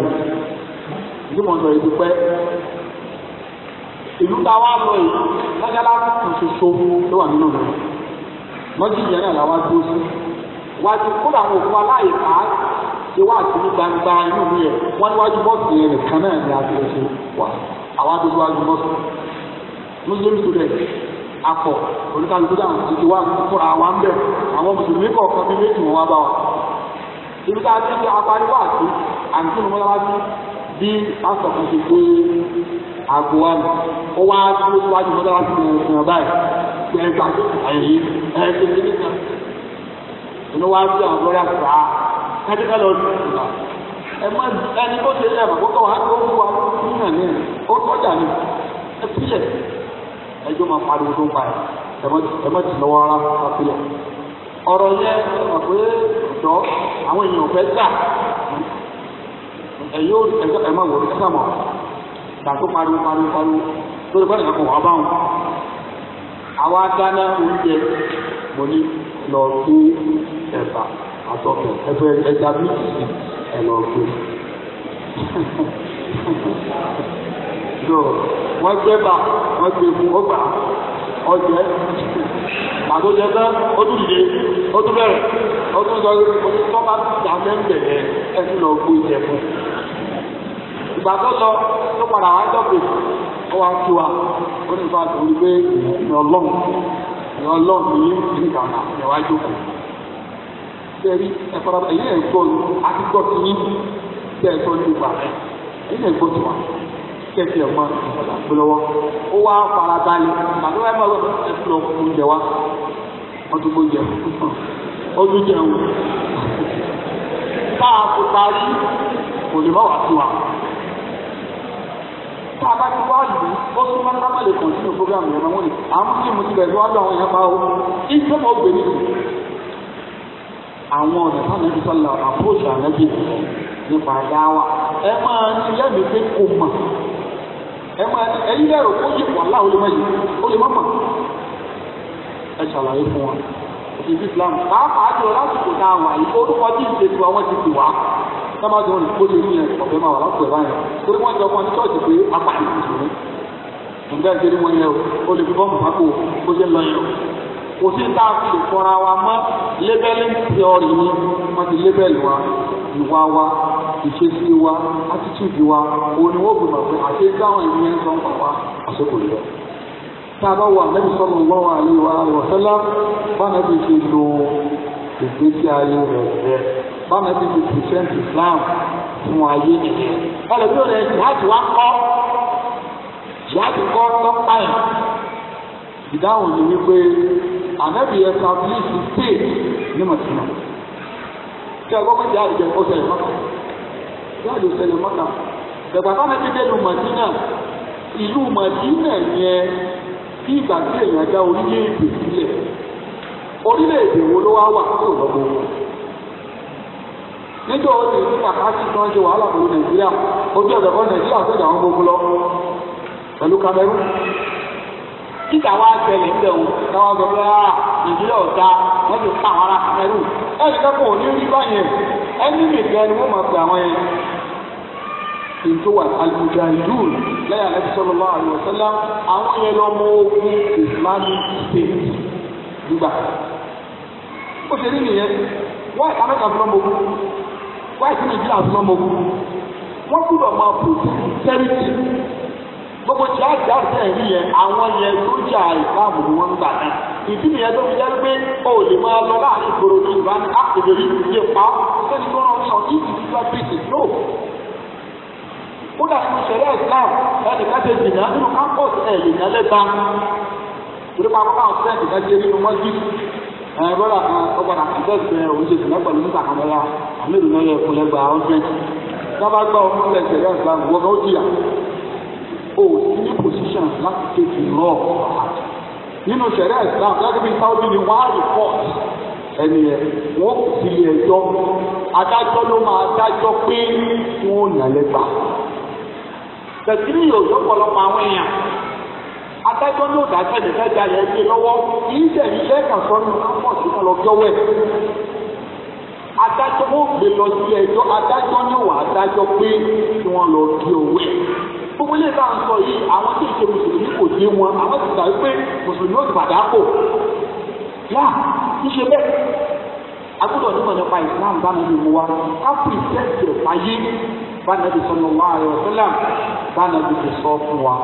ìdímọ̀ sọ̀rọ̀ ìdí pẹ́ ìlú ta wá lọ yìí lọ́jọ́lá ṣoṣo ló wà nínú rẹ̀ lọ́jọ́ ìyẹn náà làwọn dúró sí wájú kódà àwọn òkú aláyè ká ṣe wá àti ní gbangba inú mi yẹ wọ́n níwájú bọ́ọ̀sì yẹn nìkan náà ni a ti lè ṣe wà àwọn adúgbò wájú bọ́ọ̀sì muslim student akọ oníkàlùkù dáhùn ti ti wá fúnra wa ń bẹ̀ àwọn mùsùlùmí kọ̀ọ̀kan bí méjì wọn wá bá wa ibi tá a ti fi apariwo àti àǹtí mọ́lábàtí bí pásítọ̀kù ti gbé àgbo wa nù ó wá dúró síwájú mọ́lábàtí ní ìwọ̀n báyìí pẹ̀lú àti ẹ̀yìn ẹ̀ẹ́dẹ̀ nílé kan inú wa sí àwọn lọ́rẹ́ àgbà kẹ́kẹ́kẹ́ lọ sí ìgbà ẹ má ẹni tó ṣe ẹ̀ bàbá kọ́ wa kó fún wa nínú ẹ̀mí rẹ̀ ó tọ́jà ni ẹ pílẹ̀ ẹjọ́ máa pariwo tó ń pa ẹ̀ ẹ̀ mọ́ ti lọ́wọ́ rárá pílẹ̀ ọ̀rọ̀ yẹn mọ̀ pé ọ̀dọ́ àwọn èèyàn fẹ́ gbà ẹ̀yọ́ ẹ̀jọ́ ẹ̀mọ́ wò ó sàmọ̀ tàbí pariwo pariwo pariwo lórí bọ́ọ̀lù kankan wà báwọn. àwa dáná oúnjẹ mo ní lọ gbé ẹ̀bà àtọ̀kẹ̀ ẹ̀fẹ̀ ẹja bíìsì ẹ̀ lọ gbé. wọ́n gbé bá wọ́n gbé fún ọgbà. Ọjọ pàtó jẹ tán ó tún dìde ó tún bẹ̀rẹ̀ ó tọ́ka dà mẹ́ńbẹ̀ yẹn ẹ lọ gbó ìjẹ fún un. ìgbà tó lọ tó padà wá wa ó ní wípé kẹsì ọmọ ìpolówó ó wá fara balẹ̀ màtí wọ́n bá wọ́n ẹ̀fọ́ lọ oúnjẹ wa wọ́n tún gbóúnjẹ jẹun tá a kò parí kò lè bá wà wa a bá ti wá lù sábà lè program yẹn ni àwọn yẹn àwọn ọ̀nà sọ́la àpòṣù nípa dáwà ẹ máa ń ẹ máa ẹyin dẹrù ó yẹ wà láwọn olè mọyì ó lè mọmọ ẹ ṣàlàyé fún wa ìdí Islam pàápàá jùlọ lásìkò tá a wà yìí orúkọ tí ìṣe tiwa wọn ti ti wá sábà jọ ní kó lè ní ẹ ọ̀fẹ́ máa wà lásìkò ẹ̀ báyìí torí wọ́n jọ fún ṣọ́ọ̀ṣì pé apàdé ìṣòro ǹgbà ìṣeré wọn yẹ o ó lè fi bọ́ọ̀mù pákó ó ṣe lọ o kò sí tá a fi lè fọra wa mọ́ lébẹ́lì tíọ́rì yín wọ́n ti lébẹ́lì wa ìwà wa ìṣesí wa attitude wa òun ni wọ́n gbìmọ̀ pé àti táwọn ènìyàn ń sọ ń pa wá àsopọ̀ yìí lọ. tá a bá wà nẹ́bí sọ́nù lọ́wọ́ àlè wa rọ̀sẹ́lá bánàbí ti lo ìgbésí ayé rẹ̀ rẹ̀ bánàbí ti present Islam fún ayé nìyẹn. ẹlẹ́bí ò lè jìhádì wá kọ́ jìhádì kọ́ tọ́pá ẹ̀. ìdáhùn ni wípé ànábì yẹn kan bí ti tè ní mọ̀tìmọ̀. kí ẹ gbọ́ pé jìhádì jẹ́ kó sẹ́yìn mọ́tò. jáde òṣèlú mọ́ta ìgbà táwọn ti dẹnu mọ̀dínà ìlú mọ̀dínà yẹn bí ìgbà tí èèyàn dá orílẹ̀-èdè sílẹ̀ orílẹ̀-èdè wo ló wá wà tó wọn. kan ṣe wàhálà pẹ̀lú nàìjíríà ojú ọ̀dọ̀ nàìjíríà tó dà gbogbo lọ títà wá ṣẹlẹ̀ ń bẹ̀wò táwọn sọ pé ah, nàìjíríà ò dáa ti pa àwọn ará kamẹ́rù ẹ̀rí kẹ́kọ̀ọ́ ní rí báyẹn ẹni nìkan ni wọ́n máa pè àwọn yẹn. ètò àlùjá lẹ́yìn àlẹ́ sọ́lọ́ lọ́wọ́ àlùwọ̀sọ́lá àwọn yẹn lọ mọ ogun Islamic State gbígbà. ó ṣe rí nìyẹn wáyé amẹ́ta fún ọmọ ogun wáyé gbogbo tí a jà sí ẹ̀rí yẹn àwọn yẹn tó jà ìbámu ni wọ́n ń gbà náà ìdí nìyẹn tó fi jẹ́ pé o ò lè máa lọ láàrin ìgboro ní ìbá ní àpèjọ yìí ti lè pa sẹ́ni tó rán sọ ní ìdílé pèsè lò. kódà nínú sẹ̀rẹ̀ Islam ẹnì kan ti dìnnà nínú campus ẹ̀ lè yẹn lẹ́ta torí pa kọ́kọ́ àwọn sẹ́ẹ̀tì kan ṣe nínú wọ́n jíìpù ẹ bọ́dà kan ọgbà náà kìtẹ́sì ẹ òun ṣe ìsìnkú pẹ̀lú nígbà kan lọ́la àmì ìrùnà yẹ fún o sí ní position láti take the law nínú sẹ̀rẹ̀ islam gẹ́gẹ́ bí sáwọ́dún ni wọ́n á report ẹni ẹ̀ wọ́n kò sí ilé ẹjọ́ adájọ́ ló máa dájọ́ pé wọ́n ò yàn lẹ́gbàá. tẹ̀sílì yóò tó pọ̀lọpọ̀ àwọn èèyàn adájọ́ ló dájọ́ ìdẹ́gbẹ́jà yẹn gbé lọ́wọ́ kì í dẹ̀ iṣẹ́ ní kápọ̀ sí kan lọ adájọ́ ó gbé lọ sí ẹjọ́ adájọ́ ni wà adájọ́ pé kí wọ́n lọ gbé owó ẹ̀. gbogbo ilé ìta nǹkan yìí àwọn tí ìṣe mùsùlùmí kò yé wọn àwọn ti gbà wípé mùsùlùmí ó ti kò yá ṣíṣe bẹ́ẹ̀ agbọ́dọ̀ nípa islam bá mi mú wa ká fi ìṣẹ́sì fàyè bá nàbì sọ̀nà wà ayọ̀ sílẹ̀ bá nàbì ti sọ fún wa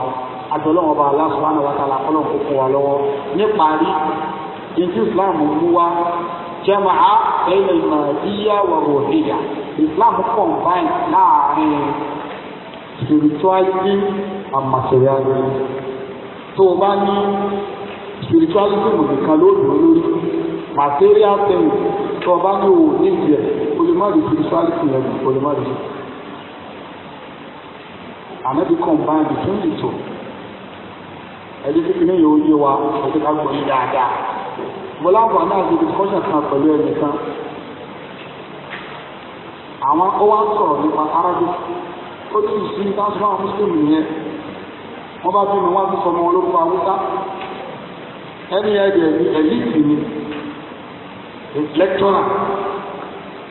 àjọlọ́wọ́ bá aláṣọ wa náà kó fún wa lọ́wọ́ ìdí islam mú wa jẹ́màá islam spirituality and materiality tó o bá ní spirituality wò nìkan ló dùn lórí material things. tó o bá ní o ní ìdíyẹ o lè má di spirituality yẹn o lè má di àmẹ́bí combine between the two ẹni tí kìíní yóò yé wa ẹni ká gbọ́ ní dáadáa mo láǹfà náà ti discussion kan pẹ̀lú ẹnìkan àwọn ó wá sọ̀rọ̀ nípa Arabic Otu isi nke ní káàtó báwọn mùsùlùmí yẹn wọ́n bá bímọ wọ́n á tún sọmọ olóko ni lẹ́kítọ́rà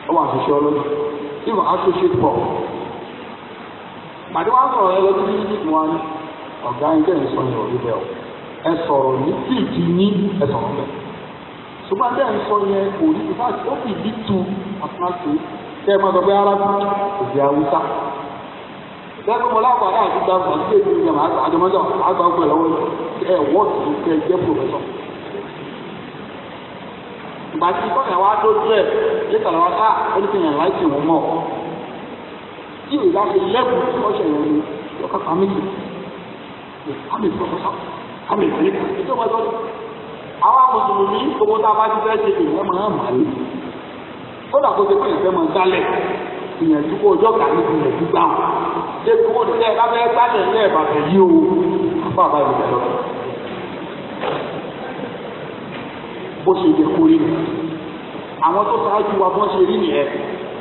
ó wà àṣìṣe ọlọ́dún ìwà associate pọ̀ pàdé wa sọ̀rọ̀ ní ní ń sọ yẹn kò tu àtúnṣe kẹ́ máa sọ pé lẹ́kọ̀ọ́ mọ́ láwọn àdáhà ti gba ọgbà sí èdè ìjọba àjọmọ́jọ àgbà ọgbà lọ́wọ́ ẹ wọ́ọ̀tì kẹ jẹ́ pòfẹ́sọ̀. ìgbà tí bọ́ọ̀lù wa tó dúrẹ̀ lẹ́tà lọ́wọ́ ká oníṣẹ́yìn láìsí wọn mọ́ tí ìwé bá fi lẹ́kùn tí wọ́n ṣẹ̀yìn ní lọ́kà fámìlì àmì pòfẹ́sọ̀ àmì ìfẹ́lẹ́kùn ìjọba ìjọba débi wò ní ẹ bá fẹ́ gbádùn ní ẹ̀bàdàn yìí o fún àbá ìlú lọ. bó ṣe lè kórè nù àwọn tó ṣáájú wa bó ṣe rí nìyẹn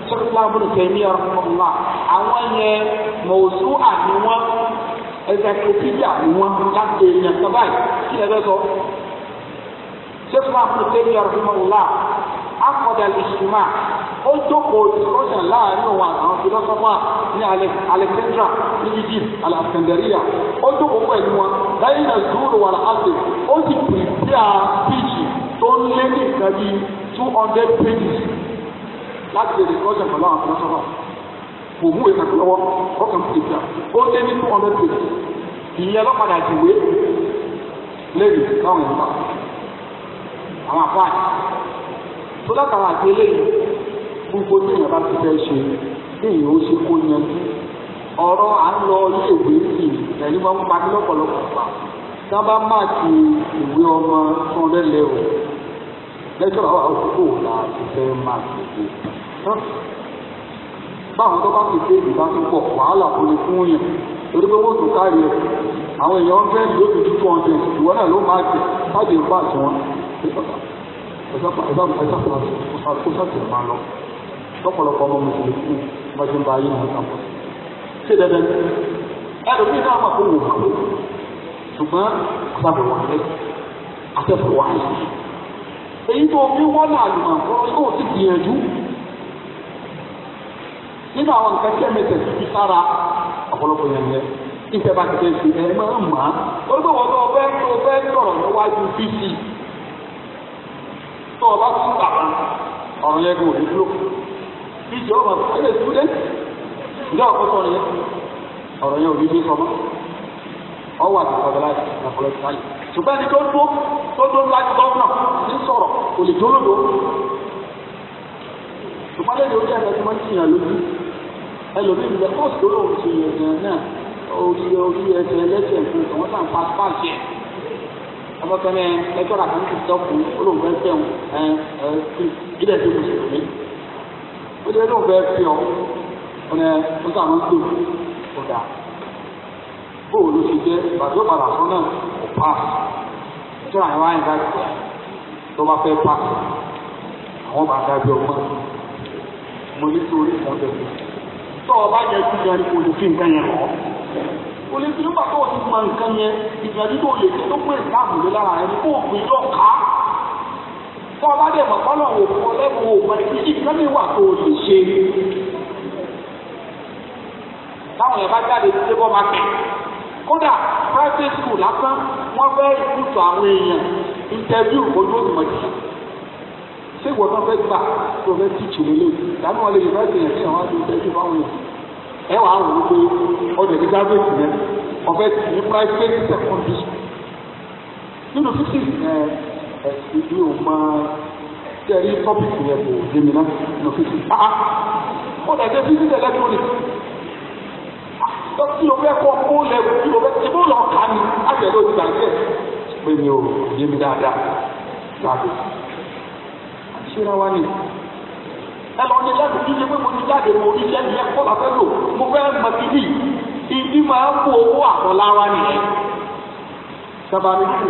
sọ́kùnlá múlò tẹ̀mí ọ̀rọ̀mọ́lá àwọn yẹn mọ̀ọ́sù àmì wọn ẹ̀sẹ̀kẹ̀tìjà ni wọn láti èèyàn kan báyìí kí ẹ bẹ́ sọ. sọ́kùnlá múlò tẹ̀mí ọ̀rọ̀mọ́lá akọ̀dà lè ṣùgbọ́n ó jókòó ìrọ́jà láàrin òun àwọn filosofa ní Alexandra ní Egypt Alexandria ó jókòó pẹ̀lú wọn láyé náà zúrò wà láàbẹ̀ ó sì pèsè à píìsì tó ń lé ní nǹkan bíi two hundred pages láti lè rìkọ́jà pẹ̀lú àwọn filosofa kò mú ìkàkì lọ́wọ́ ó kàn pèsè à ó lé ní two hundred pages ìyẹn lọ́padà dìwé lẹ́yìn láwọn ìgbà àwọn àfáà tó látara àti eléyìí gbogbo tí ìyàbá ti fẹ́ ṣe bí èyí ó ṣe kó yanjú ọ̀rọ̀ à ń lọ iléèwé yìí ẹ̀rí wọn pa ní lọ́pọ̀lọpọ̀ pa tá a bá má ti ìwé ọmọ tán lẹ́lẹ̀ o lẹ́jọ́ àwọn àkókò là ti fẹ́ máa tètè tán báwọn tó bá fi dé ìbá tó pọ̀ wàhálà kò lè fún yàn torí pé wọ́n tún kárí ẹ̀ àwọn èèyàn fẹ́ lóbi two hundred ìwọ náà ló máa jẹ láti ìbá àti wọn ẹ̀sán ẹ̀sán ẹ̀sán kó sàtìmọ́ lọ lọ́pọ̀lọpọ̀ ọmọ mùsùlùmí wọ́n ti ń ba ayé wọn kàn fún ṣé dandan ẹlòmíín náà wà fún wòlò ṣùgbọ́n àtàbọ̀ wà lẹ́ àtẹ̀fọ̀ wà lẹ́ èyí tó fi wọ́n náà lùmọ̀ ọ̀rọ̀ yóò ti gbìyànjú nínú àwọn nǹkan tí ẹ̀mí tẹ̀sí ti sára ọ̀pọ̀lọpọ̀ yẹn lẹ́ ìfẹ́ bá ti fẹ́ fi ẹ̀ máa ń mà á ó ọ̀rọ̀ yẹn kò ní dúró ìjọ ọmọ ẹlẹ student ìjọ àkókò rẹ ọ̀rọ̀ yẹn ò ní bí sọmọ ọwọ́ àti fọdọláì àfọlọsíláì ṣùgbọ́n ẹni tó tó tó tó láti gọ́ọ̀nà ní sọ̀rọ̀ kò lè tó lòdò ṣùgbọ́n lẹ́yìn ojú ẹ̀ka tí wọ́n ti yàn lójú ẹlòmíì ní ẹ̀kọ́ tó lòun ti yàn yàn náà orí orí ẹsẹ̀ ẹlẹ́sẹ̀ fún ìtàn wọn sàn pa páàkì ẹ̀ ọmọkẹ́ni ẹjọ́ làkàntì tọ́kùn olóògbé tẹ̀wọ̀n ẹ̀ ẹ̀ kí ilẹ̀ tó lù sí òní ó dé lóun fẹ́ fi ọ́ ọ̀nà ó sàn ń tò ọ̀dà bóòlù ló ṣe jẹ́ bàtí ó padà sọ náà kò pass tí àwọn àyìn bá gbà tó bá fẹ́ pass àwọn bá dábẹ́ ọgbọ́n mo ní torí ọ̀dọ̀ tó o bá yẹ kí yẹn kò nǹkan yẹn lọ o nígbà tó o ti mọ nǹkan yẹn ìgbàdí tó o lè tó pé ìdáàbò lé lára ẹni kó o fi yọ kọ́ ọba dẹ̀ mọ̀ kọ́nà òkú ọlẹ́kùn òkú ẹni tí ìkànnì wà tó o lè ṣe. táwọn yẹn bá jáde sí labour market kódà private school lásán wọ́n fẹ́ ìkútù àwọn èèyàn interview ojú òdùmọ̀ jù ṣé ìwọ náà fẹ́ gbà tó fẹ́ tíìtì lélẹ̀ ìdáná wọn lè yẹ fẹ́ tẹ̀yẹ̀ sí àwọn àti ìtẹ́jú fáwọn èèyàn ẹ wàá rò ó pé ọdún ẹ̀dí yẹn ọ̀fẹ́ tì ní private secondary school nínú fifty ẹ̀sìn bí o máa tẹ̀rí tọ́pìkì yẹn kò dé mi náà nínú fífi. ó dàgbé fífi tẹ̀lé tó lè. dókítà ah, kọ́ kó lẹ́wọ̀ tí o fẹ́ tí mo lọ kà ní àjẹ̀lẹ̀ òdìgbà díẹ̀ pé mi ò yé mi dáadáa láàbò. àṣírà wa ni ẹ lọ ní láti fi ṣe pé mo ti jáde mo ní iṣẹ́ yẹn kọ́ làfẹ́ lò mo fẹ́ mọ̀ kíní ìdí máa ń kó owó àkọlá wa nìyẹn. sábà ní kí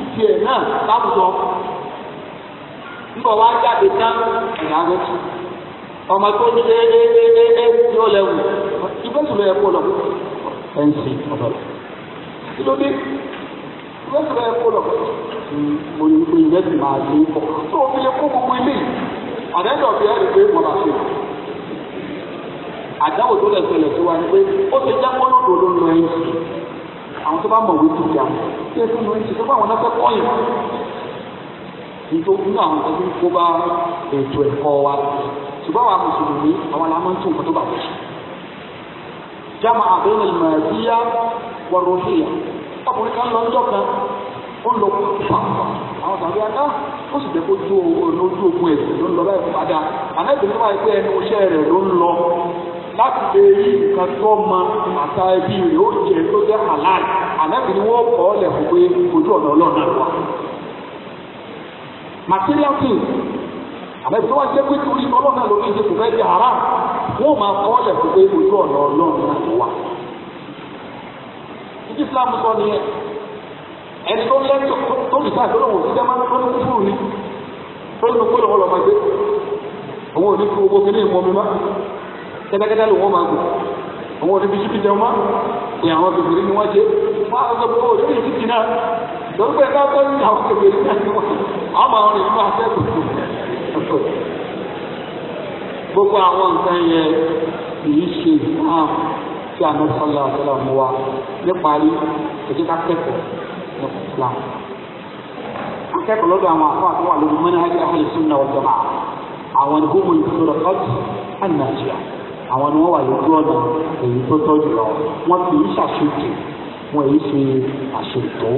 tiẹ̀ náà láwùjọ nígbà wá jáde tán ìyàwó tì ọmọ tó ní ẹ lẹ́wù lọ ẹ̀ ń lọ mo ní pé máa pọ̀ tó o fi kó gbogbo ilé àwọn tó bá mọ̀ wí ti jà kí ẹ fún mi ṣe tó bá àwọn náà fẹ́ kọ́yìn nítorí nínú àwọn ọdún tó bá ètò ẹ̀kọ́ wa ṣùgbọ́n àwọn mùsùlùmí àwọn làwọn tó nǹkan tó bá wọ̀ jama àbẹ́yẹn ìmọ̀ràdíyà wọ̀rọ̀hìyà ọkùnrin kan lọ ọjọ́ kan ó ń lọ fà àwọn tàbí aká ó sì jẹ́ kó ju ogun ẹ̀sìn ló ń lọ báyìí padà àná ìgbésí wáyé pé ẹnu iṣẹ́ rẹ̀ ló ń lọ láti lè rí nǹkan tó mọ àtà ẹbí rẹ̀ ó jẹ tó jẹ́ halal ànábì ni wọ́n kọ́ ọ́ pé ojú ọ̀nà ọlọ́run náà wà. material things ànábì tó wá jẹ́ pé torí ọlọ́run náà lórí fẹ́ wọ́n máa kọ́ pé ojú ọ̀nà ọlọ́run náà wà. ìdí Islam sọ ẹni tó lẹ́tọ̀ tó lè sáà jẹ́ máa ń kẹ́tẹ́kẹ́tẹ́ ló wọ́n máa gùn àwọn òní bísí kìjọ ma pé àwọn kékeré ni wọ́n ṣe wọ́n á sọ pé òní bísí kìjì náà lórí pé ká tọ́ ní àwọn kékeré náà ni wọ́n á máa rìn fún àtẹ́kùn gbogbo àwọn nǹkan yẹn kì í ṣe náà tí a náà sọlá sọlá mu wa níparí ẹ̀jẹ̀ ká kẹ́kọ̀ọ́ nípa Islam akẹ́kọ̀ọ́ lọ́dọ̀ àwọn afọ àti wà lórí mẹ́nà ẹ̀jẹ̀ àhàlẹ̀ sunna àwọn ìgbóhùn ìfúnra kọ́tù ànàjíà àwọn ni wọ́n wà lójú ọ̀nà èyí tó tọ́jú lọ wọ́n ti ń ṣàṣejù wọn èyí ṣe àṣetò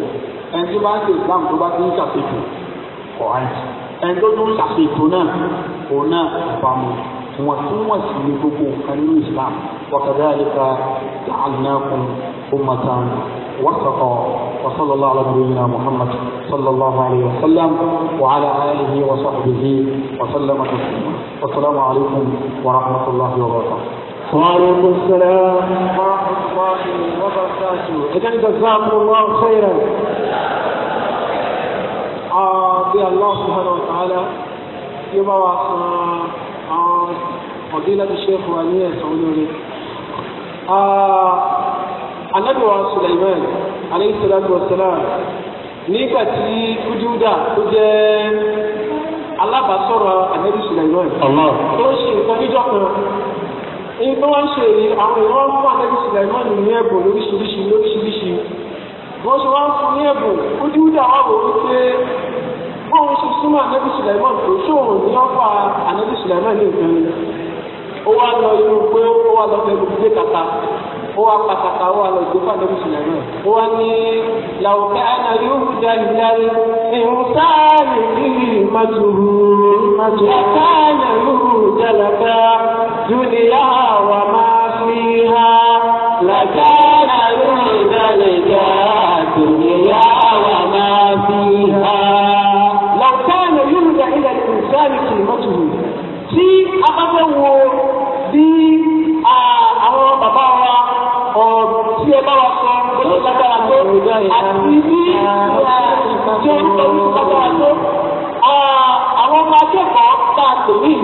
ẹni tó bá ń ṣe ìsìláàmù tó bá ti ń ṣàṣejù ọ̀hán ẹni tó tún ṣàṣetò náà òun náà ìbámu wọn tún wọn sì ní gbogbo nǹkan nínú ìsìláàmù wọ́n kàdá àlẹ́ ká làálù ó máa tán واتقى وصلى الله على نبينا محمد صلى الله عليه وسلم وعلى آله وصحبه وسلم تسليما والسلام عليكم ورحمة الله وبركاته وعليكم السلام ورحمة الله وبركاته إذا جزاكم الله خيرا bí Allah subhanahu wa ta'ala tí ó bá wa anábìwá Suleiman aleyhi salatu wa salam nígbà tí kúdíúdà tó jẹ́ alábàásọ̀rọ̀ Suleiman tó ń ṣe kan èyí tó wá ṣe àwọn èèyàn fún Suleiman ní ẹ̀bùn lóríṣiríṣi lóríṣiríṣi wọ́n ṣe wá fún ní ẹ̀bùn kúdíúdà wà wò wípé bóun ṣe súnmọ́ anábì Suleiman tó Suleiman ní هو قد طوال الجبل مسلما واني لو كان يهدى للانسان به مجهول لكان يهدى لك دنيا وما فيها لكان يهدى لك دنيا وما فيها لو كان يهدى الى الانسان في مجهول في ابدا àti orúkọ orúkọ tó wà tó àwọn ọmọ akẹ́kọ̀ọ́ tá a tò yìí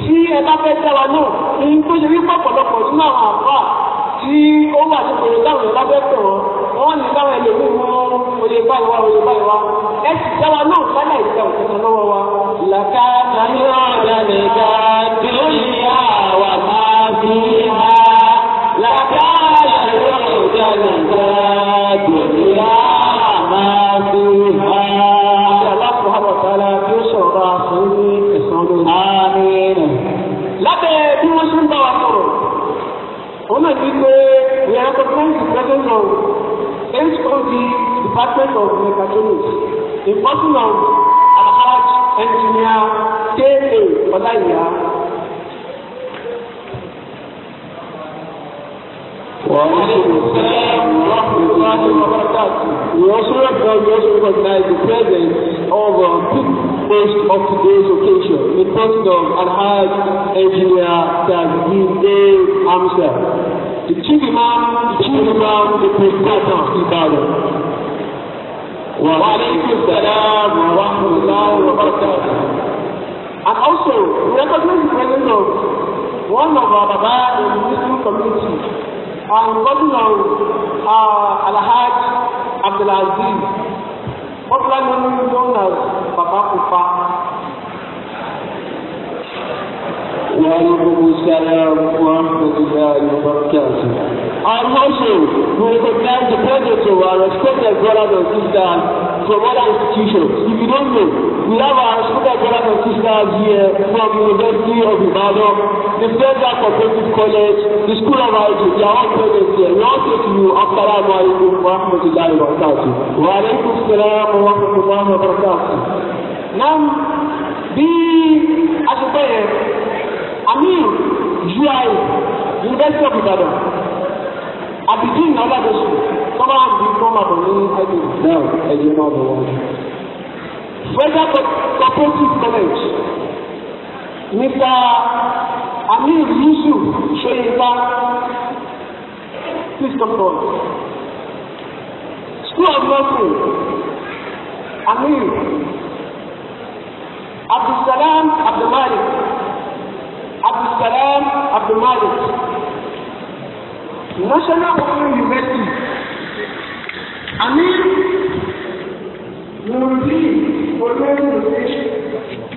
tí ẹ bá fẹ́ dára náà ní tó ṣe wípé ọ̀pọ̀lọpọ̀ nínú àwọn àbá tí ó wà ní ìpele táwọn ẹ̀ bá tọ̀ wọ́n ní táwọn ẹlòmíì wọn oyè báyìí wá oyè báyìí wá ẹ sì dára náà lálẹ́ ìjà òkúta lọ́wọ́ wa. làkà nàìjíríà lẹ́ka dúlíà wà máa fi hà Department of Mechatronics, the person of Alhaj Engineer K.A. Olaiya. We also recognize recognize the presence of uh, most of today's occasion, the person of Alhaj Engineer Tajid A. Amsa, the Chief Imam, the Chief Imam, the Prestator Ibadan. وعليكم السلام ورحمة الله And also, we recognize the presence of one of our Baba in the Muslim community, and calling on uh, Alhaj Abdulaziz, popularly known as Baba Kufa. وعليكم السلام ورحمة الله وبركاته. Our nation we recognize the presence of our respected brothers and sisters from other institutions. If you don't know, we have our respected brothers and sisters here from University of Ibadan, the Federal Cooperative College, the School of IT, they are all present here. We all say you, Assalamu alaikum wa rahmatullahi wa barakatuh. Wa alaikum salam wa rahmatullahi wa barakatuh. Now, bí a ṣe pẹ́ yẹn, Amir UI, University of Ibadan àbíkí ìnáwó àdóṣù sọ́wọ́ àbí mọ́màbọ̀ ní ẹ̀dùn náà ẹ̀yìn náà lọ́wọ́. whether cooperative college nípa amir yusuf ṣóyínká please come forward. school of nursing amir abdulsalam abdulmalik abdulsalam abdulmalik national open university i mean we will be for